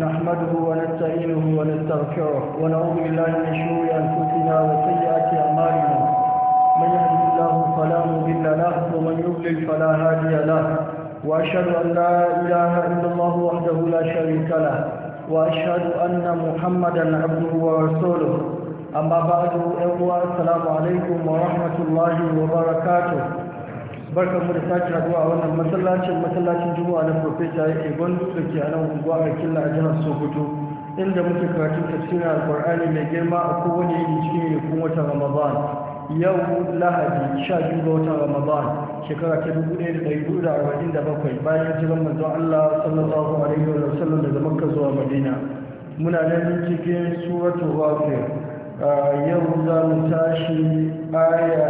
نحمده ونستعينه ونستغفره ونعوذ بالله من شرور انفسنا وسيئات اعمالنا من يهده الله فلا مضل له ومن يضلل فلا هادي له واشهد ان لا اله الا الله وحده لا شريك له واشهد ان محمدا عبده ورسوله اما بعد اخوه السلام عليكم ورحمه الله وبركاته barkan mu da sake haduwa a wannan masallacin masallacin juma'a na profesa ya ke duk da ke a nan unguwa a killa a jihar sokoto inda muke karatun tafsirin alkur'ani mai girma a kowane yin cikin yankun watan ramadan yau lahadi sha biyu ga watan ramadan shekara ta dubu ɗaya da ɗari dubu da arba'in da bakwai bayan jiran manzon allah sallallahu alaihi wa sallam daga makka zuwa madina muna nan cikin suratul ghafir ah, yau za mu tashi aya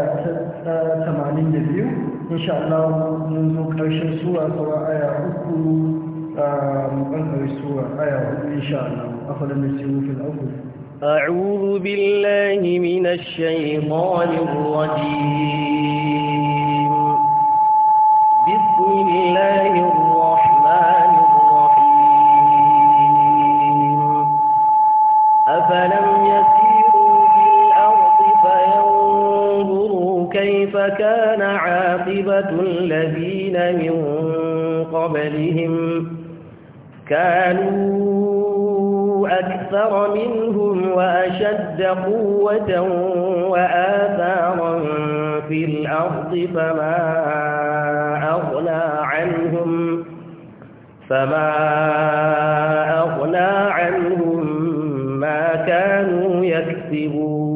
ta 82 ah, insha Allah mun zo ƙarshen sura kuma aya uku مقدر السورة آية إن شاء الله آية آه، آية أفضل يسيروا في الأول أعوذ بالله من الشيطان الرجيم بسم الله الرحمن الرحيم أفلم كيف كان عاقبة الذين من قبلهم كانوا أكثر منهم وأشد قوة وآثارا في الأرض فما أغنى عنهم فما أغنى عنهم ما كانوا يكسبون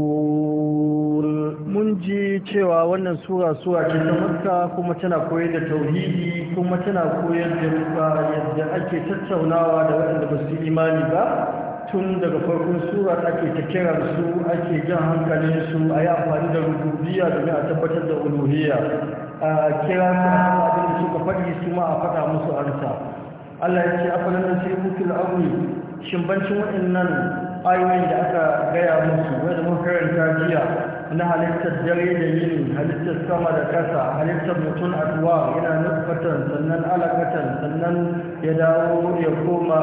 cewa wannan sura sura ce ta makka kuma tana koyar da tauhidi kuma tana koyar da yadda ake tattaunawa da waɗanda ba su imani ba tun daga farkon sura ake ta kira su ake jan hankalin su a yi amfani da rububiya domin a tabbatar da uluhiyya a kira su a abin da suka faɗi su ma a faɗa musu arsa Allah ya ce afalan nan sai kutul amri shimbancin waɗannan ayoyin da aka gaya musu wanda muka karanta jiya na halittar dare da yin halittar sama da kasa halittar mutum aduwa yana nufatan sannan alakatan sannan ya dawo ya koma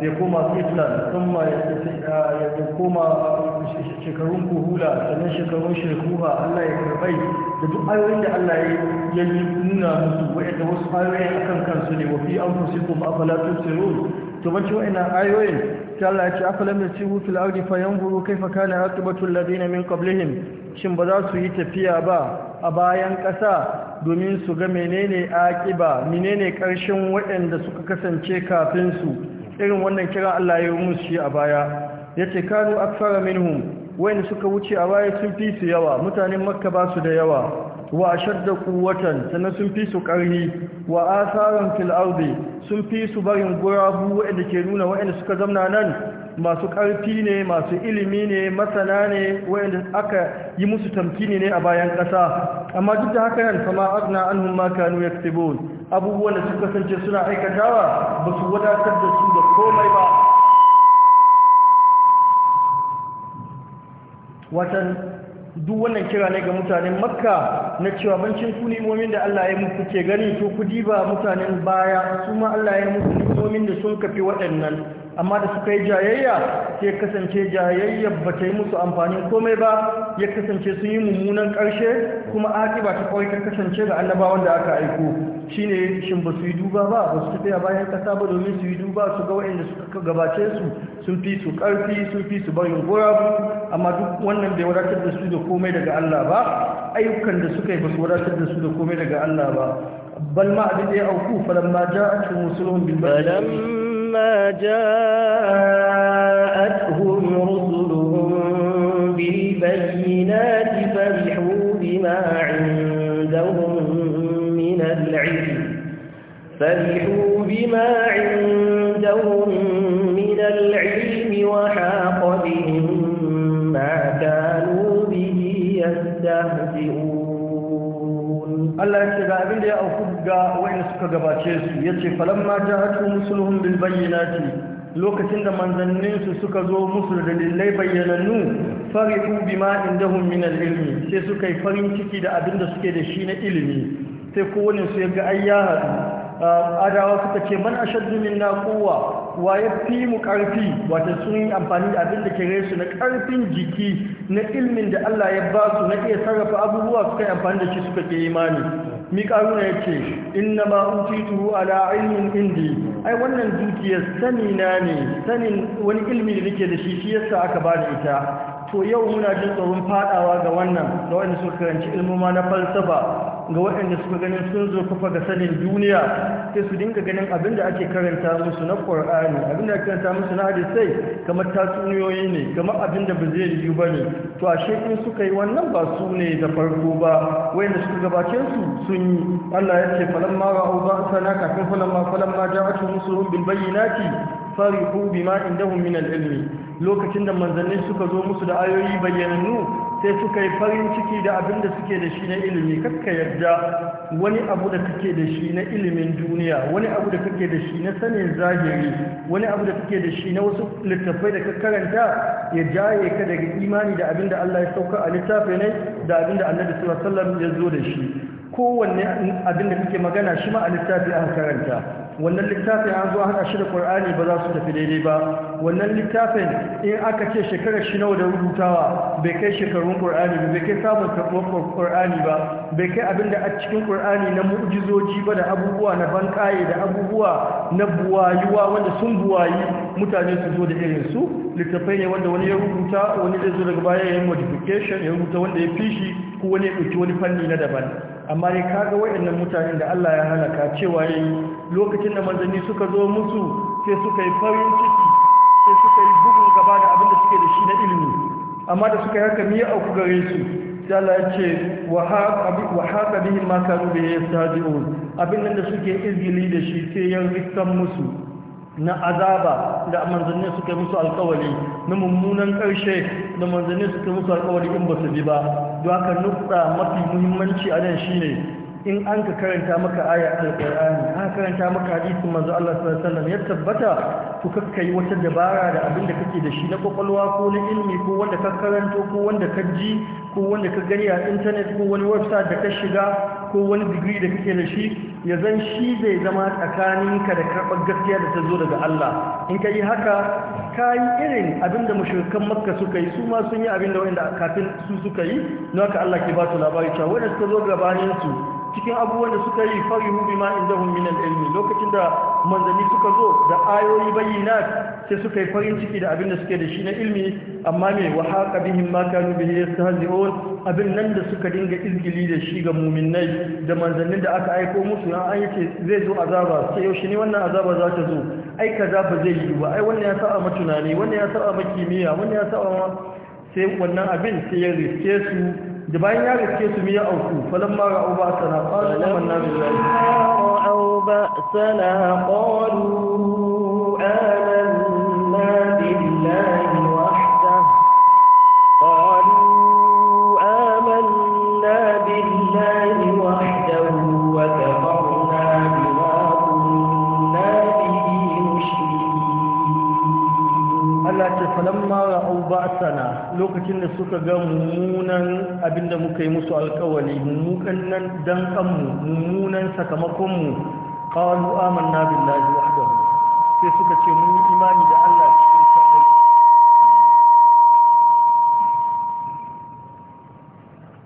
ya koma fitlan sun ma ya koma shekarun kuhula sannan shekarun shekuha allah ya karbai da duk ayoyin da allah ya yi nuna musu wadda wasu ayoyin akan kansu ne wafi an fusikun afalatun sirun to bacci wa'ina ayoyin Allah ya ce afalam yasiru fil ardi fayanzuru kaifa kana aqibatu alladhina min qablihim shin ba za su yi tafiya ba a bayan kasa domin su ga menene aqiba menene karshen waɗanda suka kasance kafin su irin wannan kiran Allah ya yi musu a baya yace kanu akthara minhum wayanda suka wuce a baya sun fi su yawa mutanen makka ba su da yawa wa ashadda quwwatan sannan sun fi su ƙarni wa asaran fil ardi sun fi su barin gurabu wanda ke nuna waanda suka zamna nan masu ƙarfi ne masu ilimi ne masana ne wanda aka yi musu tamkini ne a bayan ƙasa amma duk da haka nan fama agna anhum ma kanu yaktubun abubuwan da suka kasance suna aikatawa ba su wadatar da su da komai ba duk wannan kira ne ga mutanen makka na cewa bancin ku nimomin da Allah ya muku ke gani to ku diba mutanen baya su ma Allah ya muku nimomin da sun kafi waɗannan amma da suka yi jayayya ya kasance jayayya ba ta yi musu amfani komai ba ya kasance sun yi mummunan ƙarshe kuma ba ta kawai ta kasance ga annabawan da aka aiko shine shin ba su yi duba ba ba su tafiya bayan ƙasa ba domin su yi duba su ga waɗanda suka gabace su sun fi su ƙarfi sun fi su barin gora amma duk wannan bai wadatar da su da komai daga Allah ba ayyukan da suka yi ba su wadatar da su da komai daga Allah ba bal ma abin da ya auku falamma ja'atuhum musulun bil bayyinati لما جاءتهم رسلهم بالبينات فرحوا بما عندهم من العلم فرحوا بما عندهم Allah ya ce ga abin da ya auku ga wanda suka gabace su ya ce falamma hatu musuluhum bil bayyinati lokacin da manzannin su suka zo musu da dalilai bayyanannu fariqu bima indahum min al ilmi sai suka yi farin ciki da abin da suke da shi na ilimi sai kowane su ya ga ayyaha adawa suka ce man ashaddu minna quwwa wa ya fi mu ƙarfi wata sun yi amfani da abin da kere su na ƙarfin jiki na ilmin da Allah ya ba su na iya sarrafa abubuwa suka yi amfani da shi suka ke imani mi ƙaruna ya ce na ma utitu ala ilmin indi ai wannan dukiyar sani na ne sanin wani ilmi da nake da shi shi yasa aka ba da ita to yau muna jin tsoron faɗawa ga wannan da wani suka karanci ilmuma na falsafa ga waɗanda suka ganin sun zo kafa ga sanin duniya sai su dinga ganin abin da ake karanta musu na ƙwar'ani abin da ake karanta musu na hadisai kamar tatsuniyoyi ne kamar abin da ba zai riyu ba ne to a shekun suka yi wannan ba su ne da farko ba Wayanda suka gabace su sun yi allah ya ce falan ma ra'u ba sana kafin falon ma falon ma ja'atu musulun bil bayyinati farihu bima indahum min al-ilmi lokacin da manzanni suka zo musu da ayoyi bayyanannu sai suka yi farin ciki da abin da suke da shi na ilimi kakka yadda wani abu da kake da shi na ilimin duniya wani abu da kake da shi na sanin zahiri wani abu da kake da shi na wasu littattafai da ka karanta ya jaye ka daga imani da abin da Allah ya sauka a littafi ne da abin da Annabi sallallahu alaihi wasallam ya zo da shi kowanne abin da kake magana shi ma a littafi an karanta wannan littafin an zo haɗa shi da ƙur'ani ba za su tafi daidai ba wannan littafin in aka ce shekarar shi nawa da rubutawa bai kai shekarun ƙur'ani ba bai kai samun karɓar ƙur'ani ba bai kai abin da a cikin ƙur'ani na mu'jizoji ba da abubuwa na bankaye da abubuwa na buwayuwa wanda sun buwayi mutane su zo da irin su littafai ne wanda wani ya rubuta wani zai zo daga baya ya yi modification ya rubuta wanda ya fi shi ko wani ya ɗauki wani fanni na daban amma dai kaga waɗannan mutanen da Allah ya halaka cewa yayi lokacin da manzanni suka zo musu sai suka yi farin ciki sai suka yi bugun gaba da abin da suke da shi na ilimi amma da suka yi haka miya auku gare su sai Allah ya ce wa haqa bihi ma kanu bi yastajiun abin nan da suke izgili da shi sai ya rikkan musu na azaba da manzanni suka musu alkawari na mummunan ƙarshe da manzanni suka musu alkawari in ba su bi ba don haka nukta mafi muhimmanci a nan shine in an ka karanta maka aya alƙur'ani an karanta maka hadisi manzo Allah sallallahu alaihi wasallam ya tabbata ku kakkai wata dabara da abin da kake da shi na kwakwalwa ko na ilimi ko wanda ka karanto ko wanda ka ji ko wanda ka gani a internet ko wani website da ka shiga ko wani digiri da kake da shi ya zan shi zai zama tsakaninka da karɓar gaskiya da ta zo daga Allah in ka yi haka ka yi irin abinda mashirkan makka suka yi su ma sun yi abinda wanda kafin su suka yi na haka Allah ke ba su labari cewa suka zo gabaninsu cikin abubuwan da suka yi farihu bima indahum min al-ilmi lokacin da manzanni suka zo da ayoyi bayyana sai suka yi farin ciki da abin da suke da shi na ilmi amma mai wa haqa bihim ma kanu bihi yastahzi'un abin nan da suka dinga izgili da shi ga mu'minai da manzannin da aka aiko musu an an yake zai zo azaba sai yaushe ne wannan azaba za ta zo ai kaza ba zai yi ba ai wannan ya sa'a ma tunani wannan ya sa'a ma kimiyya wannan ya sa'a sai wannan abin sai ya riske su da bayan ya riske su miya auku falamma ra'u ba sana qalu amanna billahi ra'u ba sana qalu amanna lamma ra'au ba'sana lokacin da suka ga mummunan abinda muka yi musu alkawali mummukan nan dan kanmu mummunan sakamakon mu qalu amanna billahi wahdahu sai suka ce mun imani da Allah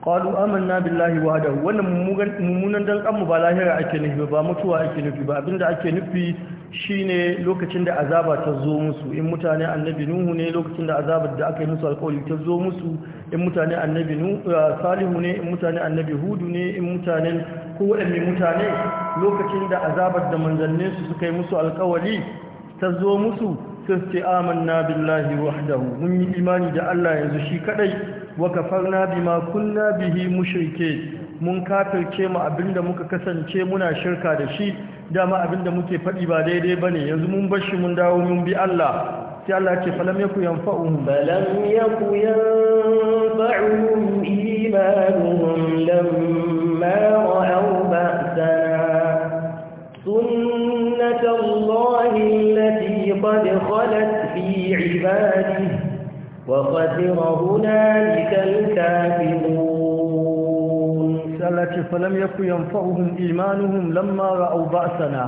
qalu amanna billahi wahdahu wannan mummunan dan kanmu ba lahira ake nufi ba mutuwa ake nufi ba abinda ake nufi shine lokacin da azaba ta zo musu in mutane annabi nuhu ne lokacin da azabar da aka yi musu alƙawari ta zo musu in mutane annabi eh, salihu ne in mutane annabi hudu ne in mutanen ko waɗanne mutane lokacin da azabar da manzannin su suka yi musu alƙawari ta zo musu sai ce amanna billahi wahdahu mun yi imani da Allah yanzu shi kadai wa bi ma kunna bihi mushrike mun kafirce mu abinda muka kasance muna shirka da shi dama abinda muke faɗi ba daidai bane yanzu mun bar shi mun dawo mun bi Allah sai Allah ce falam yaku yanfa'uhum falam yaku yanfa'uhum imanuhum lamma ra'aw ba'sana sunnatallahi allati qad khalat fi ibadihi وخسر هنالك الكافرون سألت فلم يكن ينفعهم إيمانهم لما رأوا بأسنا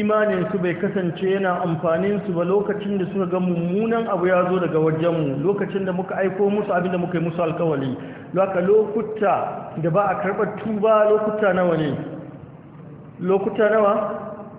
imaninsu bai kasance yana amfaninsu ba lokacin da suka ga mummunan abu ya zo daga wajenmu lokacin da muka aiko musu abin muka yi musu alkawali lokuta da ba a karɓar tuba lokuta nawa ne lokuta nawa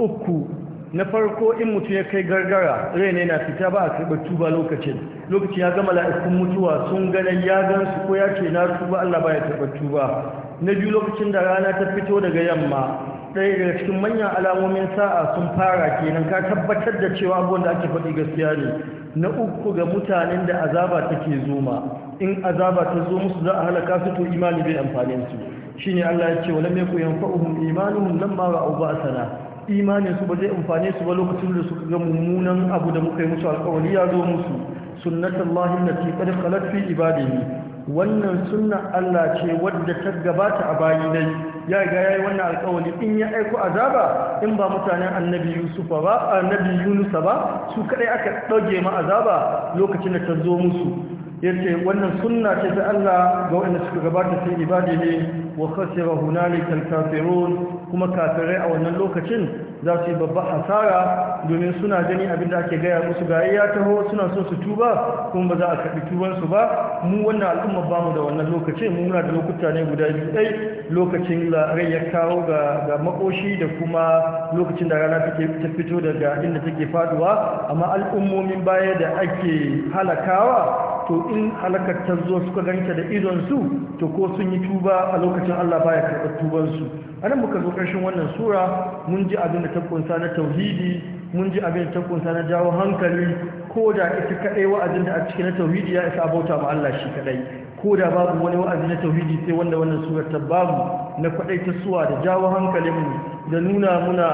uku na farko in mutum ya kai gargara rai ne na fita ba a karɓar tuba lokacin lokacin ya gama la'ikun mutuwa sun ganin ya gan su ko ya ce na tuba Allah ba ya karɓar tuba na biyu lokacin da rana ta fito daga yamma ɗaya daga cikin manyan alamomin sa'a sun fara kenan ka tabbatar da cewa abubuwan da ake faɗi gaskiya ne na uku ga mutanen da azaba take zoma in azaba ta zo musu za a halaka su to imani bai amfanin su shine Allah ya ce wa lam yakun yanfa'uhum imanuhum lamma ra'u ba'sana imanin su ba zai amfane su ba lokacin da suka ga mummunan abu da muka yi musu alkawari ya zo musu sunnatullahi allati qad khalat fi ibadihi wannan sunna Allah ce wadda ta gabata a bayi dai ya ga yayi wannan alkawari in ya aiko azaba in ba mutanen annabi Yusuf ba annabi Yunus ba su kadai aka dauke ma azaba lokacin da ta zo musu yace wannan sunna ce ta Allah ga wanda suka gabata cikin ibadi ne wa khasira hunalika alkafirun kuma kafirai a wannan lokacin za su yi babbar hasara domin suna gani abinda ake gaya musu ga ya taho suna so su tuba kuma ba za a karbi tuban ba mu wannan al'umma ba mu da wannan lokacin mu muna da lokuta ne guda biyu dai lokacin da rai ya kawo ga ga makoshi da kuma lokacin da rana take ta fito daga inda take faduwa amma al'ummomin baya da ake halakawa to in halakar ta zo suka ganta da idon su, to ko sun yi tuba a lokacin Allah baya karɓar tubansu Anan nan muka zo ƙarshen wannan sura mun ji abin da ta kunsa na tauhidi mun ji abin da ta kunsa na jawo hankali ko da ita kaɗai wa'azin da a cikin na tauhidi ya isa bauta ma Allah shi kaɗai ko da babu wani wa'azi na tauhidi sai wanda wannan surar ta babu na kwaɗai ta suwa da jawo hankalinmu da nuna muna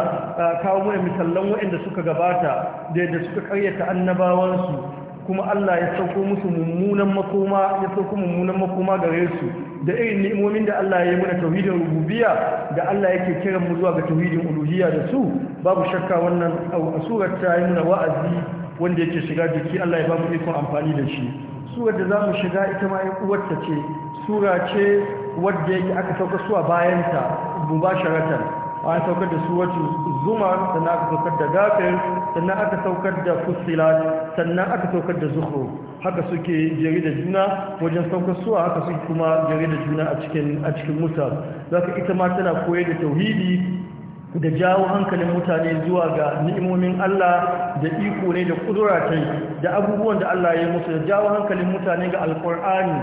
kawo mu misallan waɗanda suka gabata da yadda suka karyata annabawansu kuma Allah ya sauko musu mummunan makoma ya sauko mummunan makoma gare su da irin ni'imomin da Allah ya yi mana tauhidin rububiyya da Allah yake kiran mu zuwa ga tauhidin uluhiyya da su babu shakka wannan A surar ta yi muna wa'azi wanda yake shiga jiki Allah ya ba mu ikon amfani da shi surar da za mu shiga ita ma uwarta ce sura ce wadda yake aka sauka suwa bayanta mubasharatan an saukar da suwatu zuma sannan aka saukar da gafir sannan aka saukar da fusilat sannan aka saukar da zuhru haka suke jere da juna wajen saukar suwa haka suke kuma jere da juna a cikin a cikin ita ma tana koyar da tauhidi da jawo hankalin mutane zuwa ga ni'imomin Allah da iko ne da kudura da abubuwan da Allah ya yi musu da jawo hankalin mutane ga alkur'ani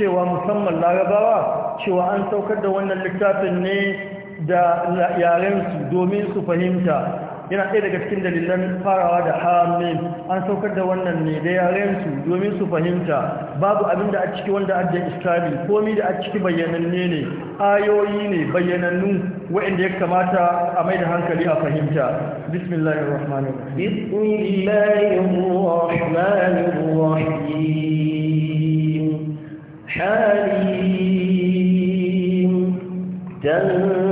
cewa musamman larabawa cewa an saukar da wannan littafin ne da yarensu domin su fahimta yana ɗaya daga cikin dalilan farawa da hamim an saukar da wannan ne da yarensu domin su fahimta babu abin da a ciki wanda adda iskali komi da a ciki bayyananne ne ayoyi ne bayyanannu wa'inda ya kamata a mai da hankali a fahimta Yeah.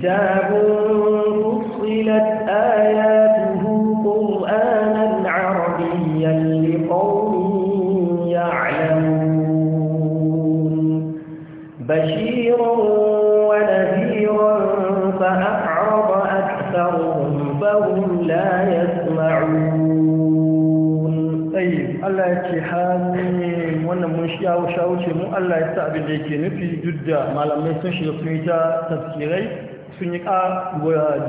كتاب فصلت آياته قرآنا عربيا لقوم يعلمون بشيرا ونذيرا فأعرض أكثرهم فهم لا يسمعون طيب الله يتحامي wannan mun shawo shawo ce mu Allah ya sa abin da yake nufi duk da malamai sun shiga sun yi ta tafsirai sun yi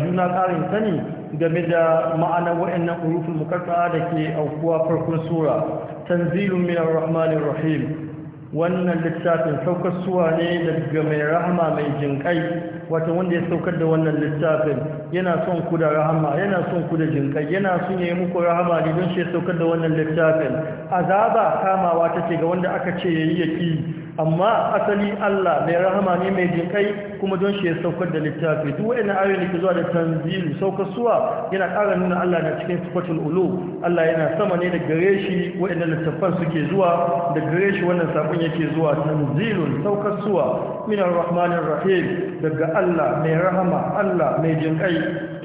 juna ƙarin sani game da ma'anar waɗannan hurufin mukarta da ke aukuwa farkon sura tanzilun miyar rahmanin rahim wannan littafin saukar suwa ne daga mai rahama mai jinƙai wato wanda ya saukar da wannan littafin yana son ku da rahama yana son ku da jinkai yana son ya yi muku rahama ne don shi ya saukar da wannan littafin azaba kamawa ce ga wanda aka ce yayi yaki amma asali Allah mai rahama ne mai jinkai kuma don shi ya saukar da littafi duk wa'annan ayoyi ke zuwa da tanzil saukar suwa yana ƙara nuna Allah na cikin sifatul ulu Allah yana sama ne da gare shi wa'annan littafan suke zuwa da gare shi wannan sabon yake zuwa tanzilun saukar suwa min al-rahman al-rahim daga Allah mai rahama Allah mai jinkai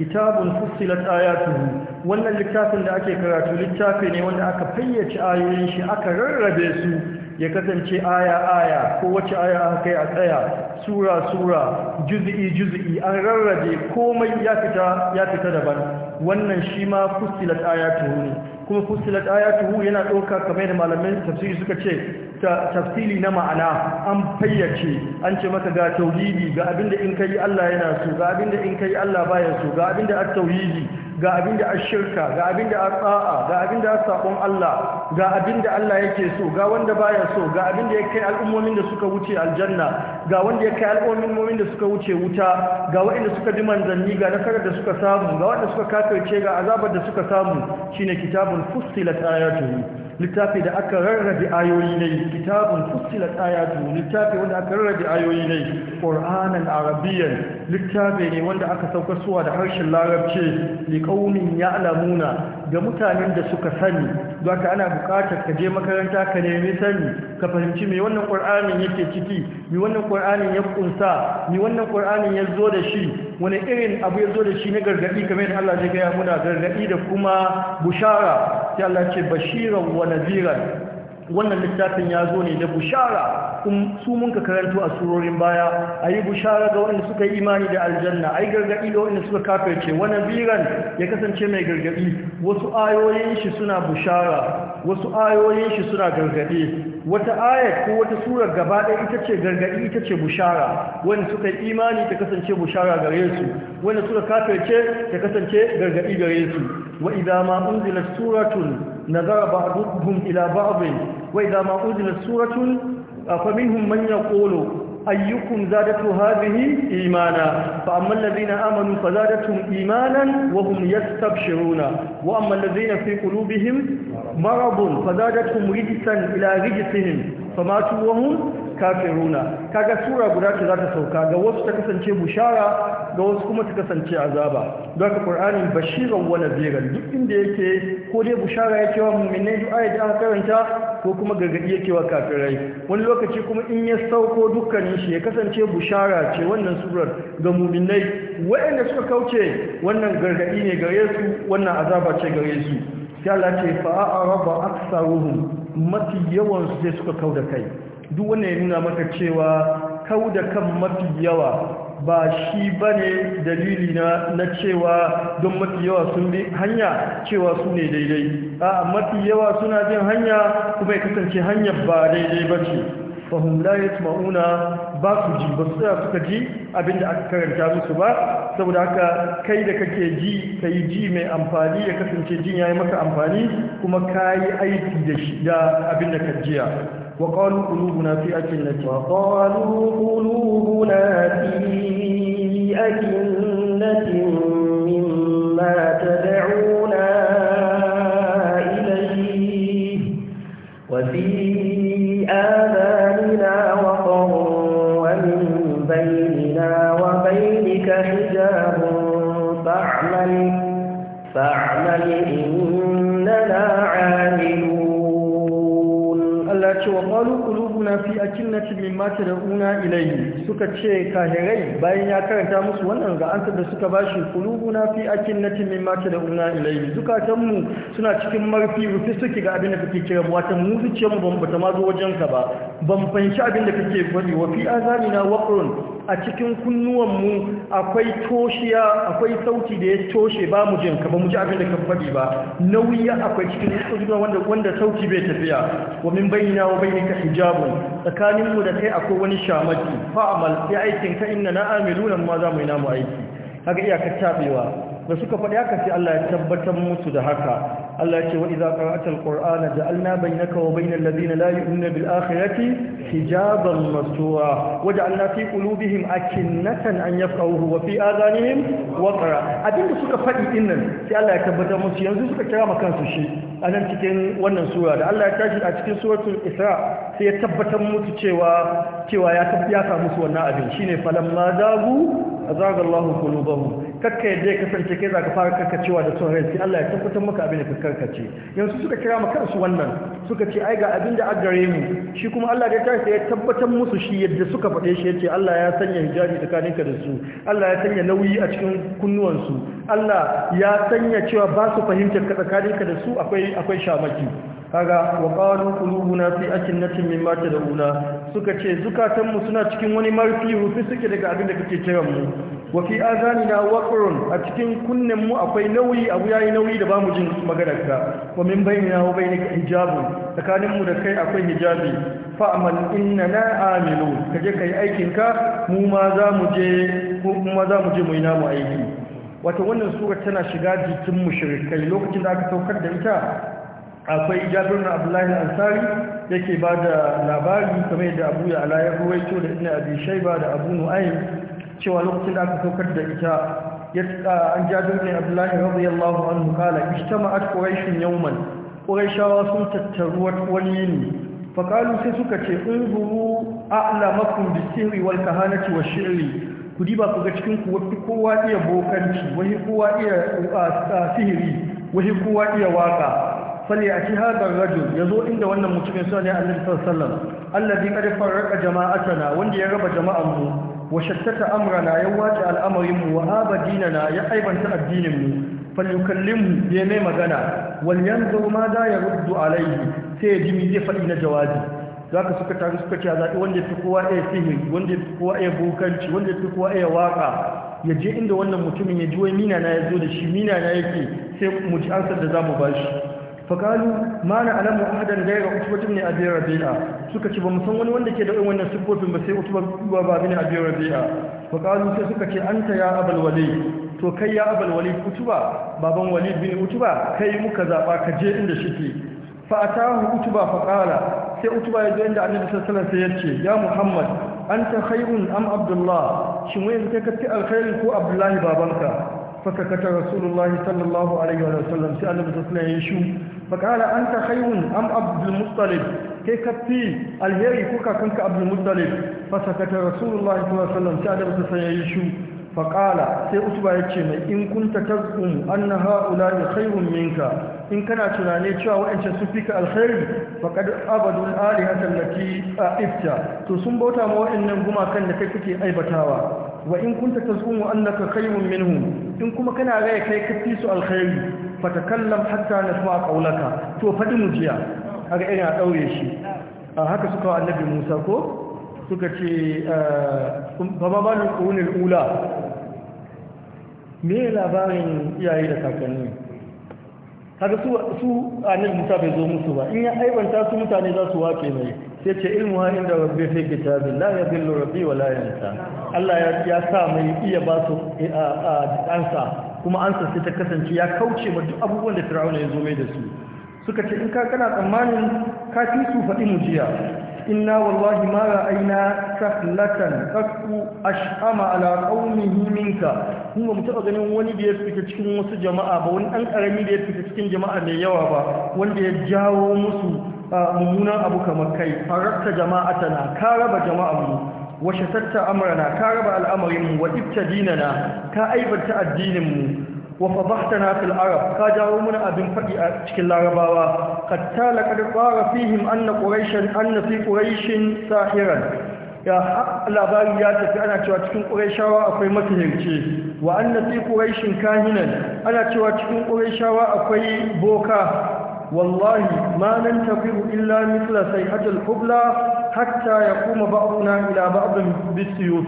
kitabun fussilat tuhu. wannan littafin da ake karatu littafi ne wanda aka fayyaci ayoyin shi aka rarrabe su ya kasance aya aya ko wace aya an kai a tsaya sura sura juz'i juz'i an rarrabe komai ya fita daban wannan shi ma fussilat ayatuhu ne kuma fussilat tuhu yana ɗauka kamar malamin tafsiri suka ce tafsili na ma'ana an fayyace an ce maka ga tauhidi ga abinda in kai Allah yana so ga abinda in kai Allah baya so ga abinda at-tauhidi ga abinda da ashirka ga abin da tsa'a ga abin da sabon Allah ga abinda da Allah yake so ga wanda baya so ga abinda ya kai al'ummomin da suka wuce aljanna ga wanda ya kai al'ummomin da suka wuce wuta ga waɗanda suka bi manzanni ga nasarar da suka samu ga waɗanda suka kafirce ga azabar da suka samu shine kitabun fussilat ayatuhu littafi da aka rarrabe ayoyi ne kitabun fussilat ayatuhu littafi wanda aka rarrabe ayoyi ne qur'anan arabiyyan littafi ne wanda aka saukar suwa da harshen larabci liƙaunin ya alamuna ga mutanen da suka sani don ka ana bukatar ka je makaranta ka nemi sani ka fahimci mai wannan ƙwar'anin yake ciki mai wannan ƙwar'anin ya ƙunsa mai wannan ƙwar'anin ya zo da shi wani irin abu ya zo da shi na gargaɗi kamar yadda Allah zai gaya muna gargaɗi da kuma bushara sai Allah ce bashiran wa naziran wannan littafin ya zo ne da bushara su mun ka karanto a surorin baya ayi bushara ga wanda suka yi imani da aljanna ayi gargadi ga wanda suka kafirce wannan biran ya kasance mai gargadi. wasu ayoyin shi suna bushara wasu ayoyin shi suna gargadi. wata aya ko wata sura gaba ɗaya ita ce gargadi ita ce bushara wanda suka yi imani ta kasance bushara gare su wanda suka kafirce ta kasance gargadi gare su وإذا ما أنزلت سورة نظر بعضهم إلى بعض وإذا ما أنزلت سورة فمنهم من يقول أيكم زادت هذه إيمانا فأما الذين آمنوا فزادتهم إيمانا وهم يستبشرون وأما الذين في قلوبهم مرض فزادتهم رجسا إلى رجسهم فماتوا وهم kafiruna kaga sura guda ce za ta sauka ga wasu ta kasance bushara ga wasu kuma ta kasance azaba don haka qur'ani bashiran wa nadiran duk inda yake ko dai bushara yake wa mu'minai duk da karanta ko kuma gargadi yake wa kafirai wani lokaci kuma in ya sauko dukkanin shi ya kasance bushara ce wannan surar ga mu'minai waɗanda suka kauce wannan gargadi ne gare su wannan azaba ce gare su sai Allah ce fa a'raba aktsaruhum mafi yawan su sai suka kauda kai duk wanda ya nuna maka cewa kau da kan mafi yawa ba shi ba ne dalili na cewa don mafi yawa sun bi hanya cewa su ne daidai a mafi yawa suna jin hanya kuma ya kasance hanyar ba daidai ba ce fahim layis ma'una ba su ji ba su suka ji abinda aka karanta musu ba saboda haka kai da kake ji ka yi ji mai amfani ya kasance jin ya yi maka amfani kuma ka yi aiki da abinda ka jiya وقالوا قلوبنا في أكلة وقالوا قلوبنا في أكلة مما تدعونا إليه وفي آذاننا وقر ومن بيننا وبينك حجاب فاعمل فاعمل إننا عاملون cewa ce wa qalu تضعون fi أكنة mimma ilayhi suka ce kahirai bayan ya karanta musu wannan ga an da suka bashi qulubuna fi akinnati mimma tad'una ilayhi zukatanmu suna cikin marfi rufi suke ga abin da kake kira mu wata mu zuciyar mu ban bata ma zo wajen ka ba ban fanshi abin da kake faɗi wa fi azanina waqrun a cikin kunnuwan mu akwai toshiya akwai sauti da ya toshe ba mu jin ka ba mu ji abin da ka faɗi ba nauyi akwai cikin kunnuwa wanda wanda sauti bai tafiya wa min bainina wa bainika hijabu shamun tsakaninmu da kai akwai wani shamaki fa'amal ya aikin ka inna na amilu nan ma za mu yi namu aiki haka iyakar taɓewa da suka faɗi haka sai Allah ya tabbatar musu da haka Allah ce wa idza qara'ta alqur'ana ja'alna bainaka wa bainal ladina la yu'minuna bil akhirati hijaban mastura waja'alna fi qulubihim akinnatan an yafqahu wa fi adhanihim waqra abinda suka fadi dinnan sai Allah ya tabbatar musu yanzu suka kira ma kansu shi a nan cikin wannan sura da Allah ya tashi a cikin suratul isra sai ya tabbatar musu cewa cewa ya tabbata musu wannan abin shine falamma zagu azaga Allahu qulubahum kakka yadda ya kasance kai za ka fara karkacewa da son rai Allah ya tabbatar maka abin da ka karkace yanzu suka kira maka kansu wannan suka ce ai ga abin da a gare mu shi kuma Allah ya tarsa ya tabbatar musu shi yadda suka faɗe shi yace Allah ya sanya hijabi tsakaninka da su Allah ya sanya nauyi a cikin kunnuwan su. Allah ya sanya cewa ba su fahimtar ka tsakaninka da su akwai akwai shamaki kaga wa qalu qulubuna fi akinnatin mimma tad'una suka ce zukatanmu suna cikin wani marfi rufi suke daga abin da kake kiran mu wa fi azanina waqrun a cikin kunnen mu akwai nauyi abu yayi nauyi da ba mu jin maganar ka wa min bainina wa bainika hijabun tsakanin mu da kai akwai hijabi fa amal na amilun kaje kai aikin ka mu ma za mu je mu ma za mu je mu yi namu aiki Wata wannan sura tana shiga jikin mushrikai lokacin da aka saukar da ita akwai jabir na abdullahi ansari yake ba da labari kamar da abu ya ala ruwaito da ina abi shaiba da abu nu'aym cewa lokacin da aka saukar da ita an jabir ne abdullahi radiyallahu anhu kala ijtama'at quraishun yawman quraishawa sun tattaru wani yini fakalu sai suka ce unzuru a'lamakum bisiri wal kahanati wa shiri ku diba ku ga cikin ku wafi kowa iya bokanci wahi kowa iya sihiri wahi kowa iya waka falle a cihadar rajo. ya zo inda wannan mutumin sani annabi sallallahu allah wasallam allazi raka jama'a jama'atana wanda ya raba jama'an mu wa shattata na ya wake al'amarinmu wa aba na ya aibanta addininmu falyukallinmu ya mai magana wal yanzu ma za ya ruddu alaihi sai ya ji mi faɗi na jawabi za ka suka taru suka ce zaɓi wanda ya fi kowa iya sihiri wanda ya fi kowa iya bukanci wanda ya fi kowa iya waƙa ya je inda wannan mutumin ya ji wai mina na ya zo da shi mina na yake sai mu ji ansar da za mu ba shi fakalu ma na alamu ahadan gaira utuba ibn abi rabi'a suka ce ba mu san wani wanda ke da irin wannan sifofin ba sai utuba ba ibn abi rabi'a fakalu sai suka ce anta ya abal wali to kai ya abal wali utuba baban wali bin utuba kai muka zaba ka je inda shike fa atahu utuba faqala sai utuba ya zo inda annabi sallallahu alaihi wasallam sai ya ce ya muhammad anta khairun am abdullah shin wai kai ka fi alkhairi ko abdullahi babanka fakakata rasulullahi sallallahu alaihi wa sallam sai annabi sallallahu alaihi wasallam ya shu fakala an ta haihun am abdulmustalif kai ka fi alheri kuka kanka abdulmustalif fasakatar rasulullah ta wasallam fakala sai usba ya ce mai in kun ta tazkun an na ha'ula da haihun minka in kana tunane cewa waɗancan su alheri fakad abadun alihatan da ki a ifta to sun bauta ma waɗannan gumakan da kai kake aibatawa wa in kunta tasumu annaka khayrun minhum in kuma kana raya kai kafi su alkhairi fatakallam hatta nasma qawlaka to fadi mujiya kaga irin a daure shi haka suka wa annabi Musa ko suka ce eh, baba ban balul ula me labarin iyaye da kakanni kaga su su annabi Musa bai zo musu ba in ya aibanta su mutane za su wace mai yace ha inda rabbi fi kitabin la yadhillu rabbi wa la yansa Allah ya ya sa mai iya ba su eh, ansa kuma ansa sai ta kasance ya kauce ma duk abubuwan da Fir'auna ya zo mai da su suka ce in ka kana tsammanin ka fi su mu jiya. inna wallahi ma ra'ayna sahlatan qasqu ash'ama ala qaumihi minka kuma mu taba ganin wani da ya fita cikin wasu jama'a ba wani dan karami da ya fita cikin jama'a mai yawa ba wanda ya jawo musu mummunan abu kamar kai fararta jama'atana ka raba jama'armu wa shatatta amrana ka raba al'amarinmu wa ibta dinana ka aibata addininmu wa fadhahtana fil arab ka jawo muna abin fadi a cikin larabawa hatta laqad qara fihim anna quraishan anna fi quraishin sahiran ya labari ya tafi ana cewa cikin ƙuraishawa akwai masihirci wa anna fi ƙuraishin kahinan ana cewa cikin ƙuraishawa akwai boka والله ما tafiru إلا مثل سيحة الحبلى حتى kuma بعضنا إلى بعض بالسيوف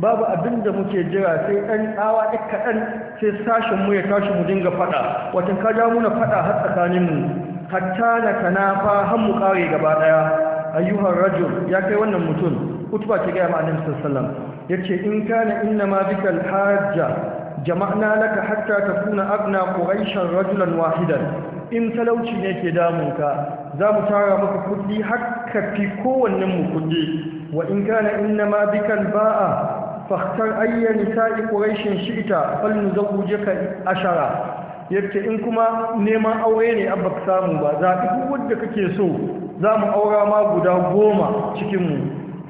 babu abinda muke jira sai ɗan tsawa ɗan kaɗan sai sashenmu ya tashi mu dinga faɗa watan ka ja muna faɗa har tsakaninmu hatta na kanafa har mu kare gaba ɗaya ayyuhar rajul ya kai wannan mutum kutuba ke gaya ma'anin sassalam ya ce in kana inna ma bikal hajja jama'na laka hatta takuna abna quraishan rajulan wahidan in talauci ne ke damunka za mu tara maka kuɗi har ka fi kowannen mu kuɗi wa in kana inna ma bikan ba'a fahtar ayyani sa'i ƙuraishin shi'ita fal nuzawjuka ashara yace in kuma neman aure ne abba ka samu ba za ka wanda kake so za mu aura ma guda goma cikin mu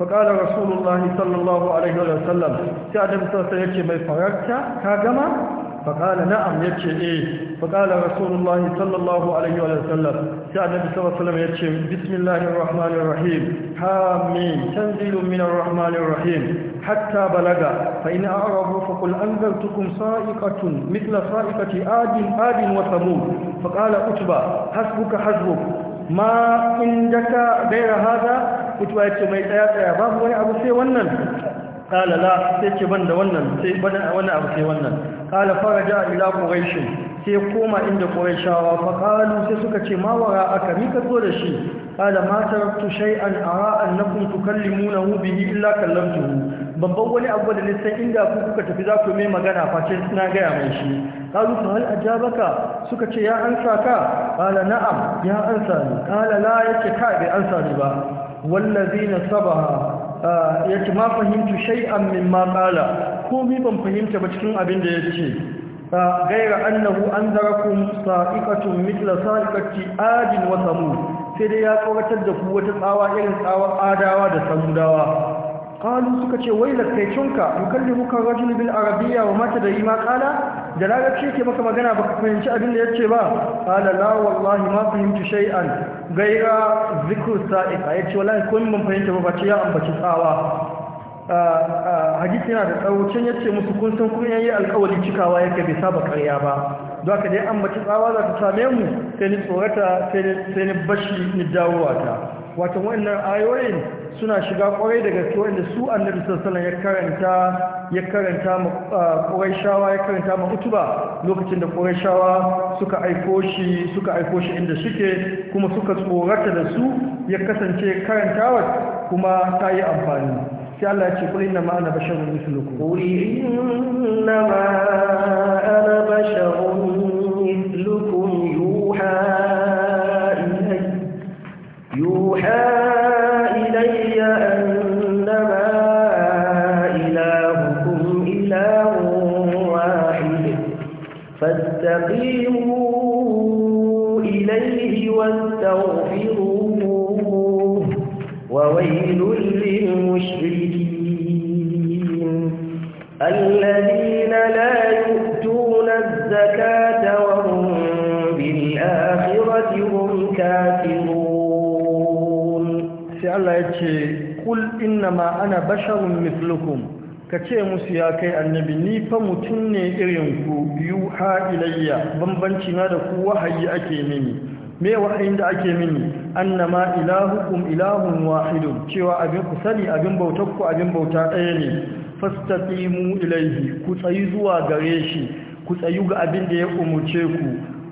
fa qala rasulullahi sallallahu alaihi wa sallam sai adam sai yace mai fararta ka gama faƙala na’am ya ce e faƙala rasulullahi sallallahu alaihi wa sallam sai annabi sallallahu ya ce bismillahir rahmanir rahim hamim tanzilu minar rahmanir rahim hatta balaga fa in a'rabu fa qul anzaltukum sa'iqatun mithla sa'iqati adin adin wa thamud faqala utba hasbuka hasbuk ma in indaka ghayra hadha utba yace mai ɗaya tsaya babu wani abu sai wannan قال لا sai ce ban da wannan sai fara wani abu sai wannan qala faraja ila sai koma inda quraishawa fa Kalu sai suka ce ma wara aka mika zo da shi Kala ma taraktu shay'an ara annakum tukallimunahu bihi illa kallamtuhu babban wani abu da nisan inda ku kuka tafi za ku mai magana face na gaya mai shi Kalu fa hal ajabaka suka ce ya ansa ka qala na'am ya ansa ni qala la yace ka bai ansa ni ba wallazina sabaha ya ce ma fahimtu shay'an maƙala, ko komi ban fahimta ba cikin abin da ya ce gaira annahu anzarakum sa'ikatun mitla sa'iqati ajin wa samu sai dai ya tsoratar da ku wata tsawa irin tsawa adawa da samudawa qalu suka ce wai lakaicinka yukallimuka rajul bil arabiyya wa mata da ma qala da larabci yake maka magana baka fahimci abin da yace ba qala la wallahi ma fahimtu shay'an gaira zikru sa'iqa yace wallahi kun ban fahimta ba ce ya ambaci tsawa hadisi yana da Can yace musu kun san kun yayi alƙawari cikawa yake bai saba ƙarya ba don da dai ambaci tsawa za ta same mu sai ni tsorata sai ni bashi ni dawowa ta wato wannan ayoyin suna shiga kwarai daga gaske wanda su annabi sassanin ya karanta ya karanta kwarai ah, shawa ya karanta mu ba lokacin da shawa suka aiko shi suka aiko shi inda suke kuma suka tsorata da su ya kasance karantawa kuma ta yi amfani sai Allah ya ce kul inna ma ana basharun mislukum kul innama ana basharun mislukum ka ce musu ya kai annabi ni fa mutum ne irin ku ha ilayya bambanci na da ku wahayi ake mini me wahayin da ake mini annama ilahukum ilahun wahidun cewa abin ku sani abin bautar ku abin bauta ɗaya ne fastaqimu ilayhi ku tsayi zuwa gare shi ku tsayi ga abin da ya umurce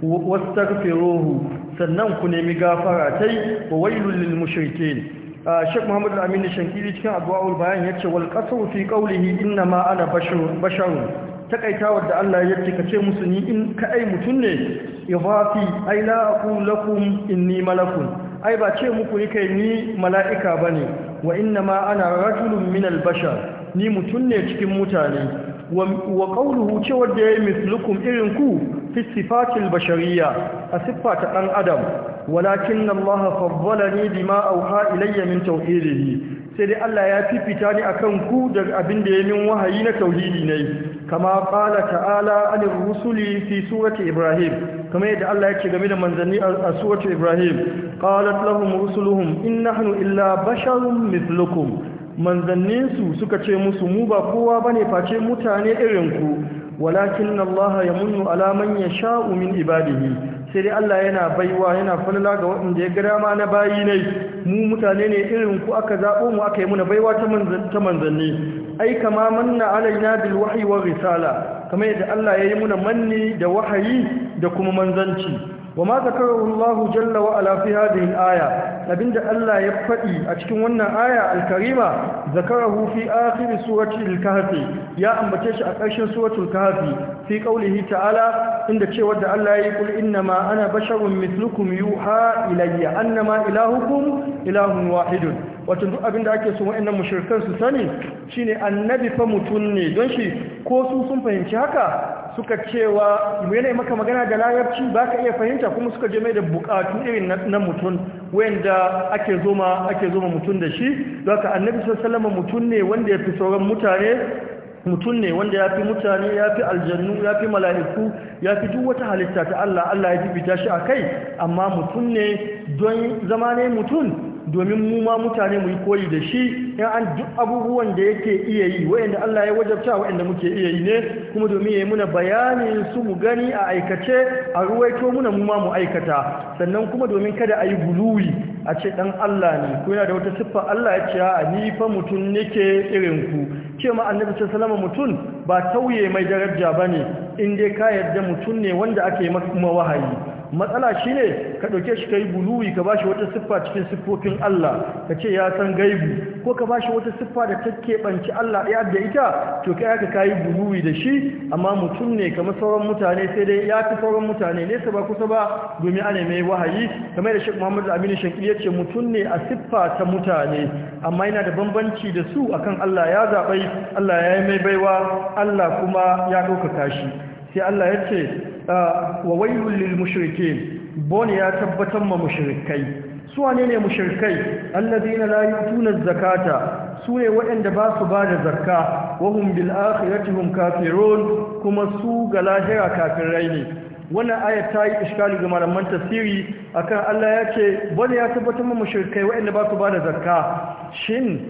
ku wastaghfiruhu sannan ku nemi gafara tai wa wailul lil mushrikeen Sheikh Muhammad Al-Amin Shankili cikin Adwaul Bayan yace wal qasaw fi qawlihi inna ma ana basharun takaitawar da Allah ya ce kace musu ni in kai mutun ne ifafi ay la lakum inni malakun ai ba ce muku ni kai ni mala'ika bane wa inna ma ana rajulun min al-bashar ni mutun ne cikin mutane wa qawluhu ce wanda yayi mislukum irin ku في الصفات a siffata أن adam ولكن الله فضلني بما أوحى إلي من توحيده sai dai Allah ya fifita ni akan ku da abin da ya min wahayi na tauhidi ne kama qala ta'ala anir rusuli fi surati ibrahim kama yadda Allah yake game da manzanni a surati ibrahim qalat lahum rusuluhum in nahnu illa basharun mithlukum manzanninsu suka ce musu mu ba kowa bane face mutane irin ku walakin Allah ya munnu alaman ya yasha'u min sai dai Allah yana baiwa yana falala ga waɗanda ya gara ma na bayi ne mu mutane ne irin ku aka zabo mu aka yi muna baiwa ta manzan ta manzanni ai kama manna alaina bil wahyi wa risala kamar yadda Allah ya yi muna manni da wahayi da kuma manzanci وما ذكره الله جل وعلا في هذه الآية لبند ألا يبقي أتكون ونا آية الكريمة ذكره في آخر سورة الكهف يا أم بتش أكشن سورة الكهف في قوله تعالى عند تشود ألا يقول إنما أنا بشر مثلكم يوحى إلي أنما إلهكم إله واحد watan duk abin da ake so wa'annan mushrikan su sani shine annabi fa mutun ne don shi ko su sun fahimci haka suka cewa yana maka magana da larabci ba ka iya fahimta kuma suka je mai da bukatu irin na mutum wanda ake zoma ake zoma mutum da shi za ka annabi sallama mutum ne wanda ya fi sauran mutane mutum ne wanda ya fi mutane ya fi aljannu ya fi mala'iku ya fi duk wata halitta ta Allah Allah ya fi fita shi a kai amma mutum ne don zama ne mutum domin mu ma mutane mu yi koyi da shi in an duk abubuwan da yake iya yi wayanda Allah ya wajabta wayanda muke iya yi ne kuma domin yayi muna bayanin su mu gani a aikace a ruwaito muna mu ma mu aikata sannan kuma domin kada a yi guluwi a ce dan Allah ne ko yana da wata siffa Allah ya ce a ni fa mutun nake irin ku ce ma annabi sallallahu alaihi wasallam mutun ba tauye mai daraja bane in dai ka yarda mutun ne wanda ake masa wahayi matsala shi ne ka ɗauke shi ka yi buluwi ka bashi wata siffa cikin siffofin Allah ka ce ya san gaibu ko ka ba shi wata siffa da ta keɓanci Allah ɗaya da ita to kai haka yi buluwi da shi amma mutum ne kamar sauran mutane sai dai ya fi sauran mutane nesa ba kusa ba domin ana mai wahayi kamar da Sheikh Muhammad Aminu Shankiri ya ce mutum ne a siffa ta mutane amma yana da bambanci da su akan Allah ya zaɓai Allah ya yi mai baiwa Allah kuma ya ɗaukaka shi sai Allah ya ce wa wailul lil mushrikeen bon ya tabbatar ma mushrikai su wane ne mushrikai alladheena la yutuna zakata su ne waɗanda ba su ba da zakka wa hum bil akhirati hum kafirun kuma su ga lahira kafirai ne wannan aya ta yi iskali ga malaman tafsiri akan Allah ya ce bon ya tabbatar ma mushrikai waɗanda ba su ba da zakka shin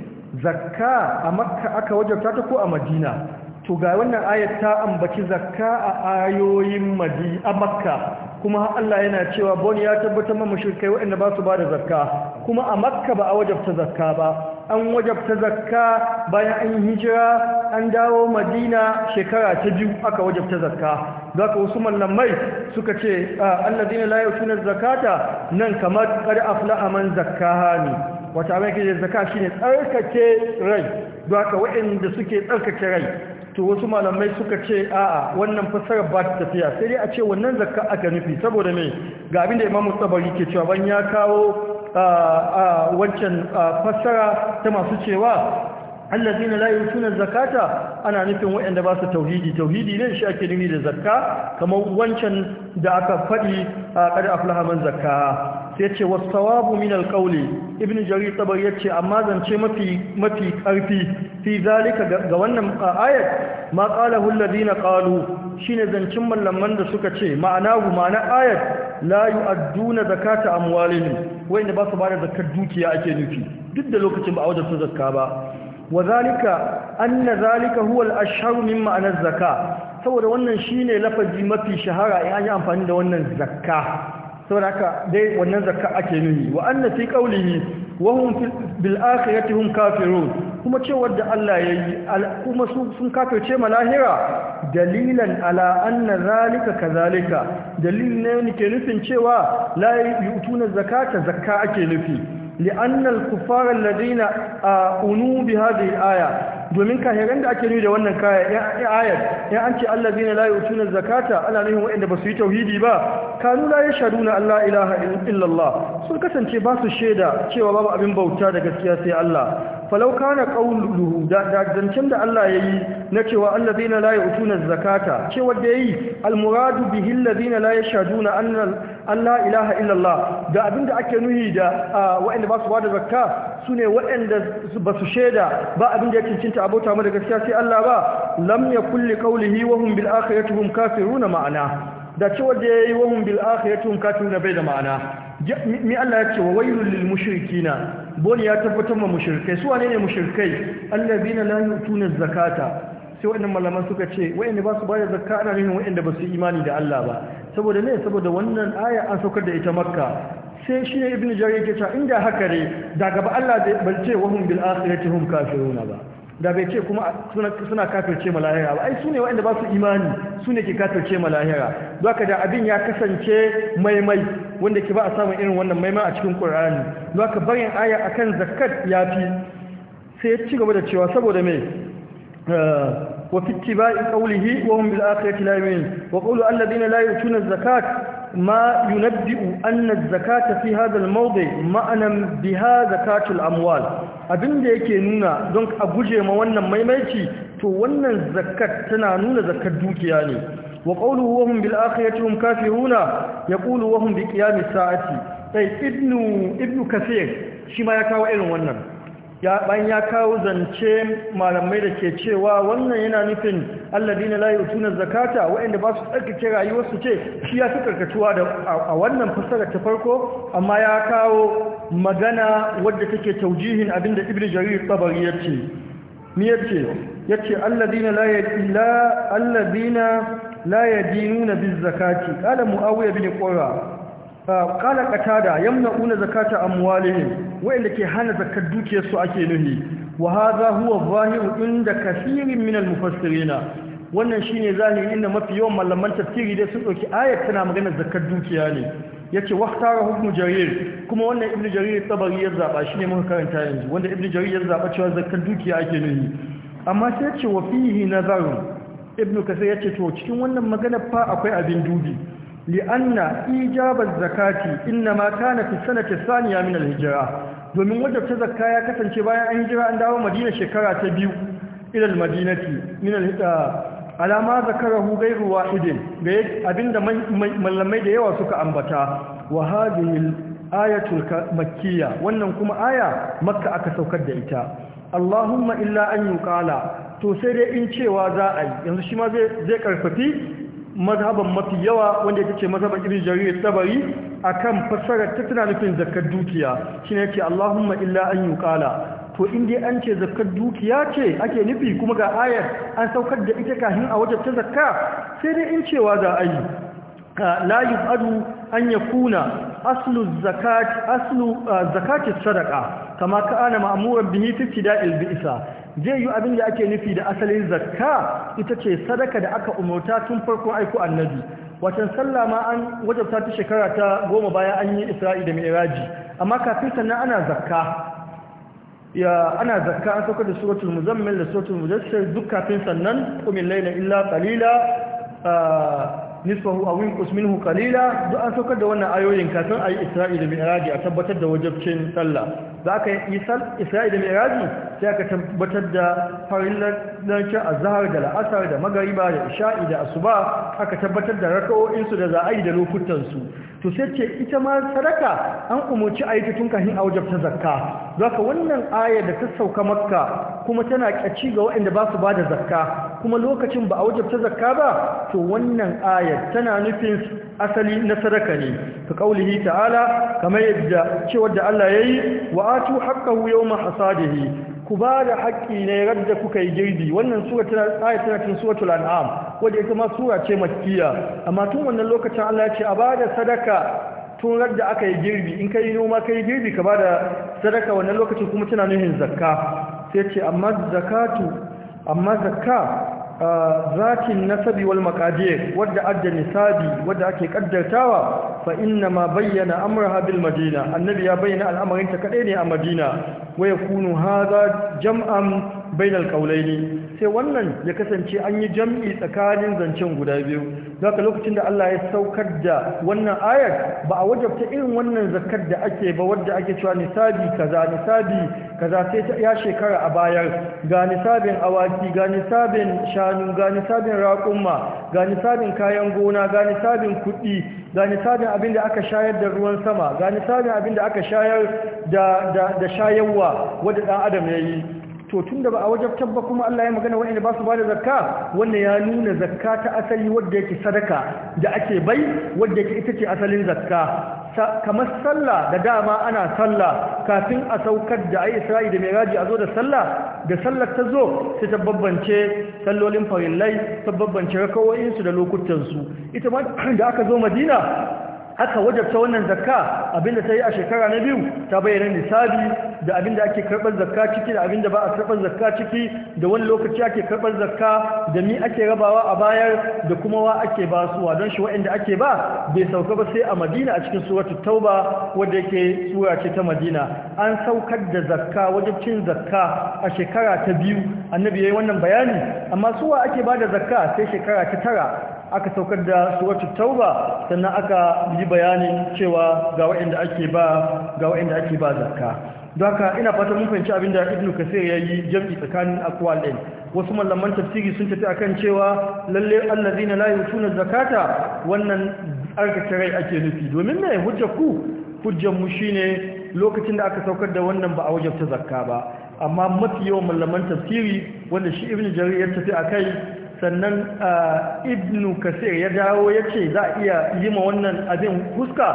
zakka a makka aka wajabta ta ko a madina to ga wannan ayat ta ambaci zakka a ayoyin madi a makka kuma Allah yana cewa boni ya tabbatar ma mushrikai waɗanda ba su ba da zakka kuma a makka ba a wajabta zakka ba an wajabta zakka bayan an hijira an dawo madina shekara ta biyu aka wajabta zakka za ka wasu mallamai suka ce allazina la yutuna zakata nan kamar qad afla aman zakka hani wata mai ke zakka shine tsarkake rai duka haka waɗanda suke tsarkake rai to wasu malamai suka ce a'a wannan fassara ba ta tafiya sai dai a ce wannan zakka aka nufi saboda me ga abin da imam tsabari ke cewa ban ya kawo a wancan fassara ta masu cewa allazina la sunan zakata ana nufin waɗanda ba su tauhidi tauhidi ne shi ake nufi da zakka kamar wancan da aka faɗi a qad aflaha man zakka sai ce wasawabu min alqawli ibnu jarir tabari ce. amma zance mafi karfi fi zalika ga wannan ayat ma hulladina kalu qalu shine zancen mallaman da suka ce ma'anahu ma'ana ayat la yu'adduna zakata Wai wanda ba su bada zakar dukiya ake nufi duk da lokacin ba a wajen su zakka ba wa zalika anna zalika huwal al min ma'anar zakka saboda wannan shine lafazi mafi shahara in an yi amfani da wannan zakka saboda haka dai wannan zakka ake nuni wa anna fi qawlihi wa hum bil akhirati hum kafirun kuma cewar da Allah yayi kuma su sun kafirce malahira dalilan ala anna zalika kazalika dalilin ne ke nufin cewa la yutuna zakata zakka ake nufi لأن الكفار الذين أنوا بهذه الآية domin kahiran da ake nuni da wannan kaya ayat ya an ce Allah allazina la yutuna zakata ana nuhin wa'anda ba su yi tauhidi ba kanu la yashhaduna alla ilaha illallah sun kasance ba su shaida cewa babu abin bauta da gaskiya sai Allah falau kana qauluhu da zancen da Allah yayi na cewa allazina la yu'tuna zakata ce wanda yayi almuradu bihi allazina la yashhaduna anna Allah ilaha illa da abinda ake nuhi da waɗanda ba su bada zakka sune waɗanda ba su sheda ba abinda yake cin cancanci abota mu da gaskiya sai Allah ba lam yakul qawlihi wa hum bil akhirati hum na ma'ana da cewa da yayi wa hum bil akhirati hum kafiruna bai da ma'ana mi Allah ya ce wa wailul lil mushrikina boni ya tabbatar ma mushrikai su wane ne mushrikai allazina la yutuna zakata sai waɗannan malaman suka ce waɗanda ba su bada zakka ana nufin waɗanda ba su imani da Allah ba saboda ne saboda wannan aya an saukar da ita makka sai shi ne ibn jarir yake cewa inda haka ne da gaba Allah bai ce wahum bil akhirati hum kafiruna ba da bai ce kuma suna kafirce ma lahira ba ai su ne waɗanda ba su imani su ne ke kafirce ma lahira don haka da abin ya kasance maimai wanda ke ba a samun irin wannan maimai a cikin ƙur'ani don haka barin aya akan zakat ya fi sai ya ci gaba da cewa saboda mai آه، وفي اتباع قوله وهم بالآخرة لا يؤمنون وقولوا الذين لا يؤتون الزكاة ما ينبئ أن الزكاة في هذا الموضع ما أنا بها زكاة الأموال أبن ذلك نونا دونك أبوجه موانا ميميتي تووانا الزكاة تنانون زكاة دوك يعني وقولوا وهم بالآخرة هم كافرون يقولوا وهم بقيام الساعة أي ابن, ابن كثير شما يكاو إلوانا ya bayan ya kawo zance malamai da ke cewa wannan yana nufin alladina la yutuna zakata waɗanda ba su tsarkake rayuwarsu ce shi ya fi karkatuwa da a wannan fasara ta farko amma ya kawo magana wadda take taujihin abinda ibnu jarir tabari ya ce me yace yace alladina la yadilla alladina la yadinuna bin zakati qala muawiya bin qura qala qatada yamna'una zakata amwalihim wa'inda ke hana zakat dukiyarsu ake nuhi wa hadha huwa zahiru inda kaseerin min mufassirina wannan shine zahiri inda mafi yawan malaman tafsiri dai sun ɗauki ayat tana magana zakar dukiya ne yace waqtara ibn jarir kuma wannan ibn jarir tabari ya zaba shine muka karanta yanzu wanda ibn jarir ya zaba cewa zakat dukiya ake nuhi amma sai yace wa fihi nazarun ibn kasir yace to cikin wannan magana fa akwai abin dubi li'anna ijabar zakati innama kana fi sanati saniya min al-hijra domin wajabta zakka ya kasance bayan an hijira an dawo madina shekara ta biyu ila al-madinati min al-hijra alama zakarahu gairu wahidin ga abinda mallamai da yawa suka ambata wa hadhihi ayatul makkiya wannan kuma aya makka aka saukar da ita allahumma illa an yuqala to sai dai in cewa za a yi yanzu shi ma zai karfafi mazhaban mafi yawa wanda yake mazhaban ibn jarir tabari akan fassarar ta tana nufin zakkar dukiya shine yake Allahumma illa an yuqala to inda an ce zakkar dukiya ce ake nufi kuma ga ayar an saukar da ita kafin a wajen ta zakka sai dai in cewa za a yi la yubadu an yakuna aslu zakat aslu uh, zakati sadaqa kama kana ma'muran bihi fi ibtida'il bi'sa zai yi abin da ake nufi da asalin zakka ita ce sadaka da aka umarta tun farkon aiko annabi watan sallah ma an wajabta ta shekara ta goma baya an yi isra'i da mi'raji amma kafin sannan ana zakka ya ana zakka an saukar da suratul muzammil da suratul mujassir duk kafin sannan qumil layla illa qalila nisfahu aw inqus minhu qalila duk an saukar da wannan ayoyin kafin ayi isra'i da mi'raji a tabbatar da wajabcin sallah za ka yi isra'i da miraji sai ka tabbatar da farillancin azahar da la'asar da magariba da isha'i da asuba aka tabbatar da raka'o'insu da za'ayi yi da lokutansu to sai ce ita ma sadaka an umarci a yi ta tun kahin a wajabta zakka za ka wannan ayar da ta sauka makka kuma tana kyaci ga waɗanda ba su ba da zakka kuma lokacin ba a ta zakka ba to wannan ayar tana nufin asali na sadaka ne ka kaulihi ta'ala kamar yadda cewar da Allah yayi wa atu haqqahu yawma hasadihi ku ba da haƙƙi ne radda kuka yi girbi wannan sura tana ayat tana cikin suratul an'am wanda ita ma sura ce makkiya amma tun wannan lokacin Allah ya ce a ba da sadaka tun radda aka yi girbi in kai noma kai girbi ka ba da sadaka wannan lokacin kuma tana nuhin zakka sai ce amma zakatu amma zakka Zakin nasabi wal maqadir wadda adda nisabi wadda ake kaddartawa fa inna ma bayyana amraha bil madina annabi ya bayyana al'amarin ta kadai ne a madina wa yakunu hadha jam'an bainal ne sai wannan ya kasance an yi jam'i tsakanin zancen guda biyu ka lokacin da Allah ya saukar da wannan ayat ba a wajabta irin wannan zakar da ake ba wadda ake cewa nisabi kaza nisabi kaza sai ta ya shekara a bayar ga nisabin awaki ga nisabin shanu ga nisabin raƙumma ga nisabin kayan gona ga nisabin kuɗi ga nisabin abin da aka shayar da ruwan sama ga nisabin abin da aka shayar da da shayarwa wadda ɗan adam ya yi to tun da ba a wajen tabba kuma Allah ya magana waɗanda ba su ba da zakka wanda ya nuna zakka ta asali wadda yake sadaka da ake bai wadda yake ita ce asalin zakka kamar sallah da dama ana sallah kafin a saukar da ai isra'i da miraji a zo da sallah da sallar ta zo sai ta babbance sallolin farillai ta babbance rakawoyinsu da lokutansu ita ma da aka zo madina aka wajabta wannan zakka abinda ta yi a shekara na biyu ta bayyana nisabi da abinda ake karɓar zakka ciki da abinda ba a karɓar zakka ciki da wani lokaci ake karɓar zakka da mi ake rabawa a bayar da kuma wa ake basuwa don shi waɗanda ake ba bai sauka ba sai a madina a cikin suratu tauba wadda yake sura ce ta madina an saukar da zakka wajabcin zakka a shekara ta biyu annabi ya yi wannan bayani amma su wa ake ba da zakka sai shekara ta tara aka saukar da suratul tauba sannan aka yi bayanin cewa ga waɗanda ake ba ga waɗanda ake ba zakka don ina fata mun fahimci abin abinda ibnu kasir ya yi jam'i tsakanin akwal wasu malaman tafsiri sun tafi akan cewa lalle allazina la yutuna zakata wannan arka rai ake nufi domin me hujja ku hujjan mu shine lokacin da aka saukar da wannan ba a ta zakka ba amma mafi yawan malaman tafsiri wanda shi ibnu jarir ya tafi akai sannan ibnu kasir ya dawo ya ce za a iya yi ma wannan abin huska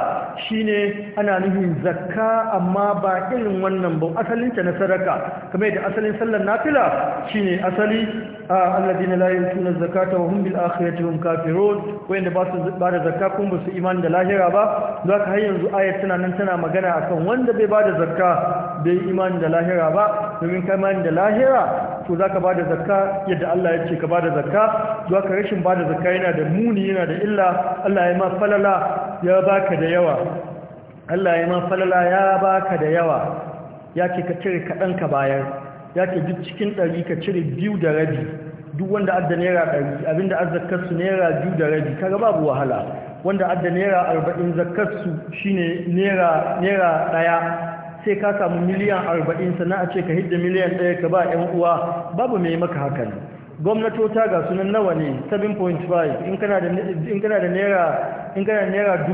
shine ana nufin zakka amma ba irin wannan ba asalinta na sadaka kamar yadda asalin sallar nafila shine asali alladina la yutuna zakata wa hum bil akhirati hum kafirun wanda ba su ba da zakka kun ba su imani da lahira ba zaka har yanzu ayat tana nan tana magana akan wanda bai ba da zakka bai imani da lahira ba domin kai imani da lahira to zaka ba da zakka yadda Allah ya ce ka ba da zakka zakka zuwa ka rashin ba da zakka yana da muni yana da illa Allah ya ma falala ya baka da yawa Allah ya ma falala ya baka da yawa yake ka cire kadan ka bayar yake duk cikin ɗari ka cire biyu da rabi duk wanda adda naira ɗari abinda su naira biyu da rabi kaga babu wahala wanda adda naira arba'in su shine naira naira ɗaya sai ka samu miliyan arba'in sannan a ce ka hidda miliyan ɗaya ka ba 'yan uwa babu mai maka hakan gwamnatota ga sunan nawa ne 7.5 in kana da naira in kana da naira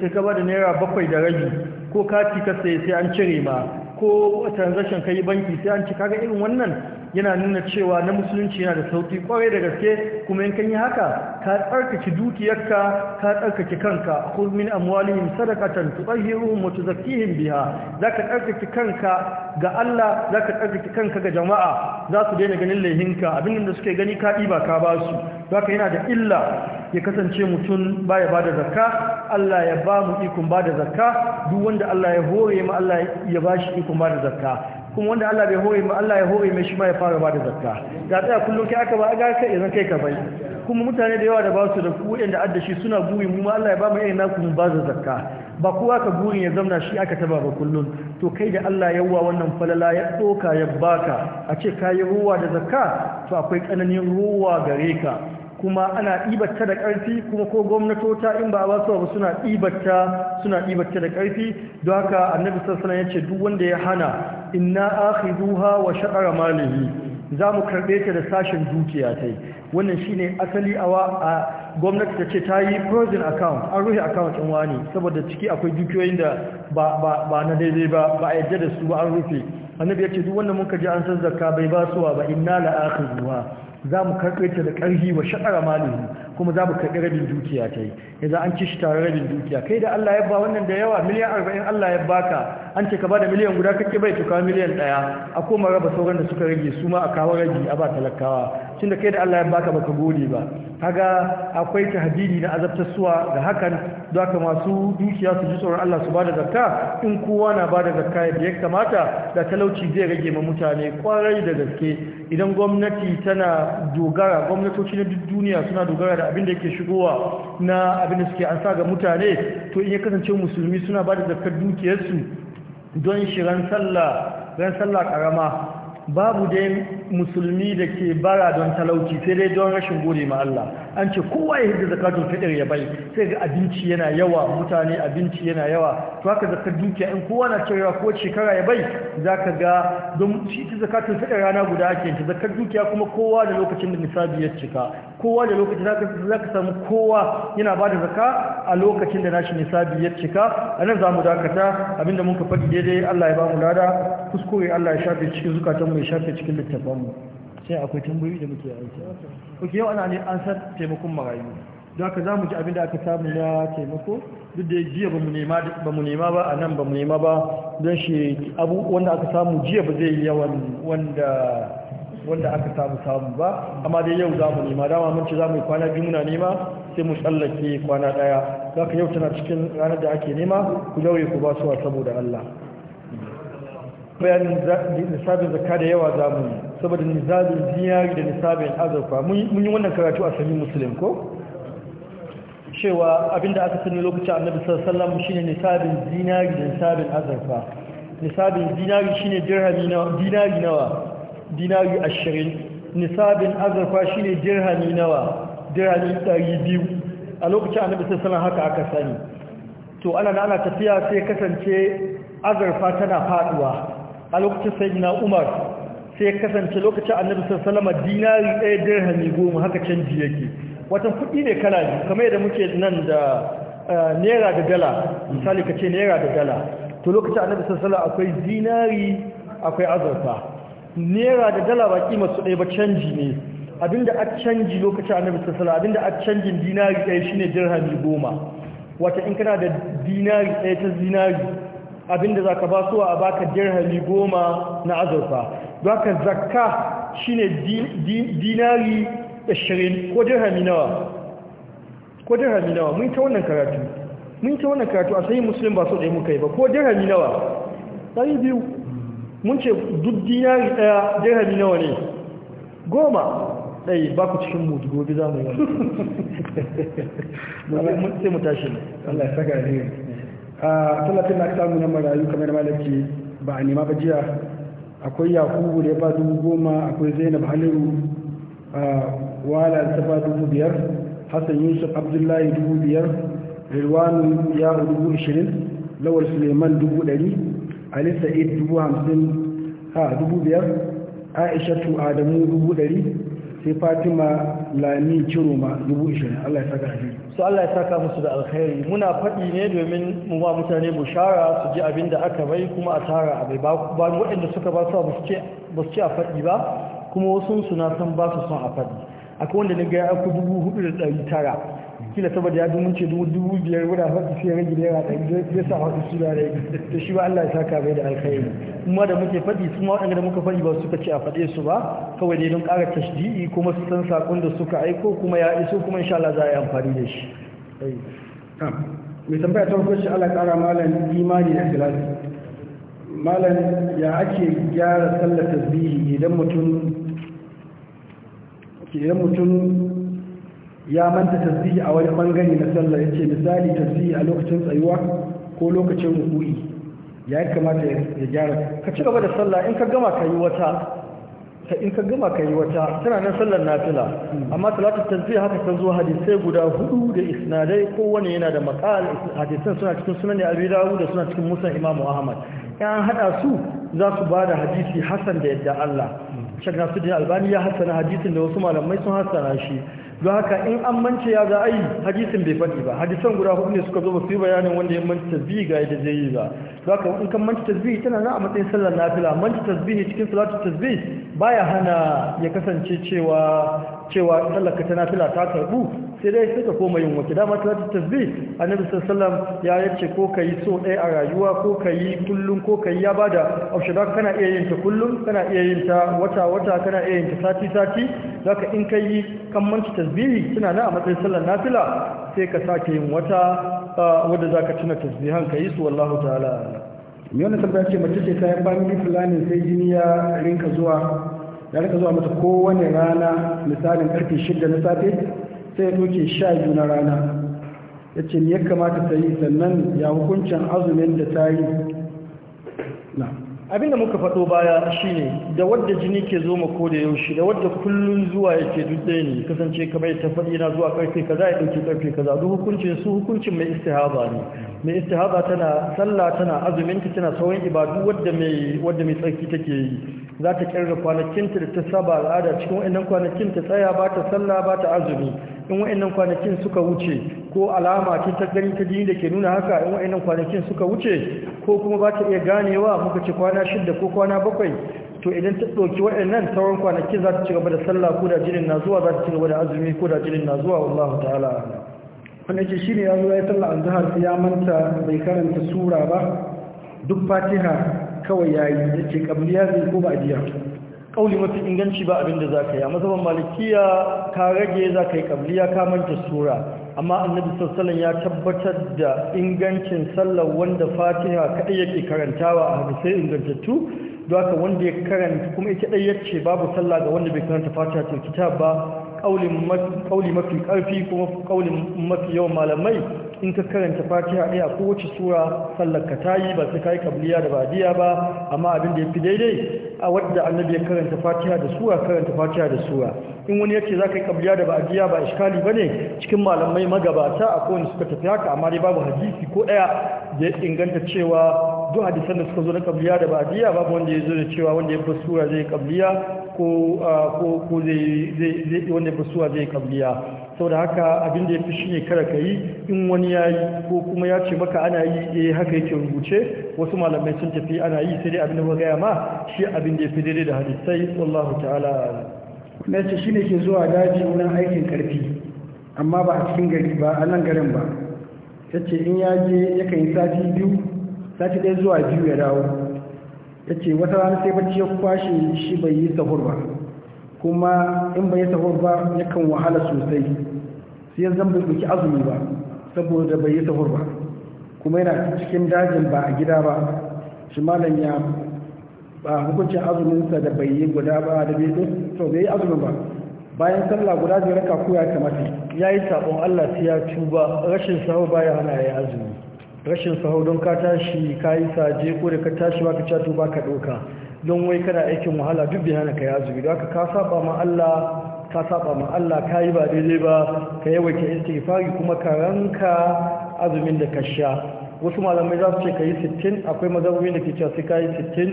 sai ka ba da naira bakwai da rabi ko kati ka sai sai an cire ma ko transaction ka yi banki sai an ci kaga irin wannan yana nuna cewa na musulunci yana da sauki kwarai da gaske kuma in kan yi haka ka tsarkake dukiyarka ka tsarkake kanka khudh min amwalihim sadaqatan tutahhiruhum wa tuzakkihim biha zaka tsarkake kanka ga Allah zaka tsarkake kanka ga jama'a za su daina ganin laihinka abin da suke gani ka ɗiba ka ba su zaka yana da illa ya kasance mutum baya bada zakka Allah ya ba mu ikon bada zakka duk wanda Allah ya hore mu Allah ya bashi ikon bada zakka kuma wanda Allah bai hore ma Allah ya hore mai shi ma ya fara bada zakka ga tsaya kullum kai aka ba ga kai idan kai ka bai kuma mutane da yawa da ba su da ku da adda shi suna guri mu ma Allah ya ba mu irin naku mu ba da zakka ba kowa ka guri ya zamna shi aka taba ba kullum to kai da Allah ya yawa wannan falala ya doka ya baka a ce kai ruwa da zakka to akwai kananin ruwa gare ka kuma ana ɗibarta da ƙarfi kuma ko gwamnatota in ba a ba su ba suna ɗibarta suna ɗibarta da ƙarfi don haka annabi sassana ya ce duk wanda ya hana inna zuwa wa sha'ara malihi za mu karɓe ta da sashen dukiya ta yi wannan shine asali awa a gwamnati ta ce ta yi frozen account an rufe account ɗin wani saboda ciki akwai dukiyoyin da ba na daidai ba ba a yadda da su ba an rufe annabi ya ce duk wanda muka ji an san bai ba suwa ba inna la zuwa. za mu karɓe ta da ƙarfi wa sha'ara malami. kuma za mu karɓi rabin dukiya ta yi yanzu an ci shi tare rabin dukiya kai da Allah ya ba wannan da yawa miliyan arba'in Allah ya baka an ce ka ba da miliyan guda kake bai to kawo miliyan ɗaya a koma raba sauran da suka rage su ma a kawo rage a ba talakawa tun da kai da Allah ya baka baka gode ba kaga akwai hadidi na suwa ga hakan za ka masu dukiya su ji tsoron Allah su ba da zakka in kowa na ba da zakka yadda ya kamata da talauci zai rage ma mutane kwarai da gaske idan gwamnati tana dogara gwamnatoci na duk duniya suna dogara da abin da yake shigowa na abin da suke ansa ga mutane to in ya kasance musulmi suna ba da zakar dukiyarsu don shiran sallah ran sallah karama babu dai musulmi da ke bara don talauci sai dai don rashin gode ma Allah an ce kowa ya hidda zakatun fadar ya bai sai ga abinci yana yawa mutane abinci yana yawa to haka zakar dukiya in kowa na cewa ko shekara ya bai zaka ga don shi ta zakatun fadar rana guda ake ta zakar dukiya kuma kowa da lokacin da nisabi ya cika kowa da lokacin zaka zaka samu kowa yana bada zaka a lokacin da nashi nisabi ya cika anan zamu dakata abinda muka faɗi daidai Allah ya ba mu lada kuskure Allah ya shafe cikin zukatan mai shafe cikin littafanmu sai akwai tambayoyi da muke aiki ok yau ana ne an san taimakon marayu don haka za mu ji abin da aka samu na taimako duk da jiya ba mu nema ba a nan ba mu nema ba don shi abu wanda aka samu jiya ba zai yawan wanda wanda aka samu samu ba amma dai yau za mu nema dama mun ce za mu kwana biyu muna nema sai mu tsallake kwana daya za ka yau tana cikin ranar da ake nema ku lauye ku ba suwa saboda Allah bayanin nisabin zakka da yawa za mu yi saboda nisabin zinari da nisabin azurfa mun yi wannan karatu a sami musulun ko cewa abinda aka sani lokacin annabi sallallahu ne nisabin zinari da nisabin azurfa nisabin zinari shi ne dirhami nawa dinari nawa dinari 20 nisabin azurfa shi ne dirhami nawa dirhami biyu. a lokacin annabi sallallahu haka aka sani to ana ana tafiya sai kasance azurfa tana faduwa a lokacin na umar sai ya kasance lokacin annabi sallama dinari ɗaya dirhami goma haka canji yake watan kuɗi ne kala biyu kamar yadda muke nan da eh, naira da dala misali ka ce naira da dala to lokacin annabi sallama akwai dinari akwai azurfa naira da dala ba kima su ɗaya ba canji ne abinda a canji lokacin annabi sallama abinda a canjin dinari ɗaya shine dirhami goma wata in kana da dinari ɗaya ta dinari abinda za ka ba su a baka dirhami goma na azurfa za ka zakka shi ne dinari 20 ko dirhami nawa ko dirhami nawa mun ta wannan karatu mun ta wannan karatu a sai musulun ba su ɗaya muka yi ba ko dirhami nawa ɗari biyu mun ce duk dinari ɗaya dirhami nawa ne goma ɗai ba ku cikin mutu gobe za mu yi wani sai mu tashi Allah ya saka ne talatin na samu na marayu kamar malaki ba a nema ba jiya akwai yakubu da ya ba dubu goma akwai zainab haliru wala ta ba dubu biyar hassan yusuf abdullahi dubu biyar rilwanu ya dubu ashirin lawal suleiman dubu ɗari ali sa'id dubu hamsin ha dubu biyar aisha adamu dubu ɗari sai fatima lami ma dubu ishirin allah ya saka alheri su allah ya saka musu da alkhairi muna faɗi ne domin mu ba mutane shara su ji abin da aka bai kuma a tara abai ba waɗanda suka ba su ba su ce a faɗi ba kuma wasu suna san ba su son a faɗi akwai wanda na gaya aku dubu hudu da ɗari tara kila saboda ya dumin ce dubu dubu biyar guda faɗi sai rage da yawa da zai sa wasu su da da shi ba Allah ya saka bai da alkhairi kuma da muke faɗi su ma waɗanda muka faɗi ba suka ce a faɗe su ba kawai dai don ƙara tashdi'i kuma su san sakon da suka aiko kuma ya iso kuma insha Allah za a yi amfani da shi mai tambaya ta wakilci Allah ƙara malam imani da filasi malam ya ake gyara sallar tasbihi idan mutum idan mutum ya manta tasbihi a wani bangare na sallah ya misali tasbihi a lokacin tsayuwa ko lokacin ruku'i ya kamata ya gyara ka ci gaba da sallah in ka gama ka wata ta in ka gama kai wata tana nan sallar nafila amma talatul tasbih haka ta zo hadisai guda hudu da isnadai kowanne yana da maqal hadisan suna cikin sunan abi dawud da suna cikin Musa imam ahmad yan hada su za su bada hadisi hasan da yadda Allah shek da albani ya hasana hadisin da wasu malamai sun hasana shi don haka in an mance ya za a yi hadisin bai faɗi ba hadisan guda hudu ne suka zo ba su yi bayanin wanda ya manta tasbihi ga yadda zai yi ba don haka in kan manta tasbihi tana nan a matsayin sallar nafila manta ne cikin salatu ba baya hana ya kasance cewa cewa sallaka ta nafila ta karbu sai dai suka koma yin wace dama ta ta tasbih annabi sallallahu ya yace ko kai so ɗaya a rayuwa ko kai kullun ko kai ya bada option da kana iya yin ta kullun kana iya yin ta wata wata kana iya yin ta sati sati zaka in kai kan manci tasbihi Tana na a matsayin sallar nafila sai ka sake yin wata wadda zaka tuna tasbihan ka su wallahu ta'ala yana tambaya ce mace ce ta yi family planning sai jini ya rinka zuwa ya rika zuwa mata kowane rana misalin karfe shida na safe sai ya ɗauke sha biyu na rana ya ce ya kamata ta yi sannan ya hukuncin azumin da ta yi abinda muka faɗo baya shine da wadda jini ke zo ma ko da yaushe da wadda kullun zuwa yake duk ɗaya ne kasance kamar ya tafaɗi na zuwa karfe kaza ya ɗauki karfe kaza duk hukuncin su hukuncin mai istihaba ne mai istihaba tana sallah tana azuminta tana sauran ibadu wadda mai wadda tsarki take yi za ta kirga kwanakinta da ta saba al'ada cikin wa'annan kwanakin ta tsaya ba ta sallah ba ta azumi in wa'annan kwanakin suka wuce ko alama ce ta gani ta jini da ke nuna haka in wa'annan kwanakin suka wuce ko kuma ba ta iya ganewa muka ce kwana shidda ko kwana bakwai to idan ta ɗauki waɗannan sauran kwanakin za ta ci gaba da sallah ko da jinin na zuwa za ta ci gaba da azumi ko da jinin na zuwa wallahu ta'ala ala wanda shi ne ya zo ya sallah an zahar ya manta bai karanta sura ba duk fatiha kawai yayi yi da ke kabliya ko ba a kauli mafi inganci ba abinda za ka yi a mazhaban malikiya ka rage za ka yi kabliya ka manta sura amma annabi sassalin ya tabbatar da ingancin sallar wanda fatiha kaɗai yake karantawa a hadisai ingantattu don haka wanda ya karanta kuma ita ɗai ya ce babu sallah ga wanda bai karanta fatiha cikin kitab ba kauli mafi ƙarfi kuma kauli mafi yawan malamai in ka karanta fatiha ɗaya ko kowace sura sallar ka tayi ba sai kai kabliya da badiya ba amma abin da yafi daidai a wadda annabi ya karanta fatiha da sura karanta fatiha da sura in wani yace zaka yi kabliya da badiya ba iskali bane cikin malamai magabata a kowanne suka tafi haka amma dai babu hadisi ko ɗaya da ya inganta cewa duk hadisan da suka zo na kabliya da badiya babu wanda ya zo da cewa wanda ya sura zai kabliya ko ko ko zai zai wanda ya sura zai kabliya saboda haka abin da ya fi shine kada ka yi in wani ya yi ko kuma ya ce maka ana yi eh haka yake rubuce wasu malamai sun tafi ana yi sai dai abin da gaya ma shi abin da ya fi daidai da hadisai wallahu ta'ala na ce shine ke zuwa daji wurin aikin karfi amma ba a cikin gari ba a nan garin ba ta ce in ya je yakan yi sati biyu sati ɗaya zuwa biyu ya dawo ta ce wata rana sai bacci ya kwashe shi bai yi sahur ba kuma in bai yi sahur ba yakan wahala sosai sai yanzu bai azumi ba saboda bai yi sahur ba kuma yana cikin dajin ba a gida ba shi malam ya ba hukuncin azuminsa da bai yi guda ba da bai to bai yi azumin ba bayan sallah guda zai raka ko ya kamata ya yi sabon Allah sai ya tuba rashin sahur baya hana ya yi azumi rashin sahur don ka tashi ka yi saje ko da ka tashi ba ka ca tuba ka ɗauka don wai kana aikin wahala duk bai hana ka yi azumi don haka ka saba ma Allah ka saba ma Allah ka yi ba daidai ba ka yawaita istighfari kuma ka ranka azumin da ka sha wasu malamai za su ce ka yi sittin akwai mazhabobin da ke cewa sai ka yi sittin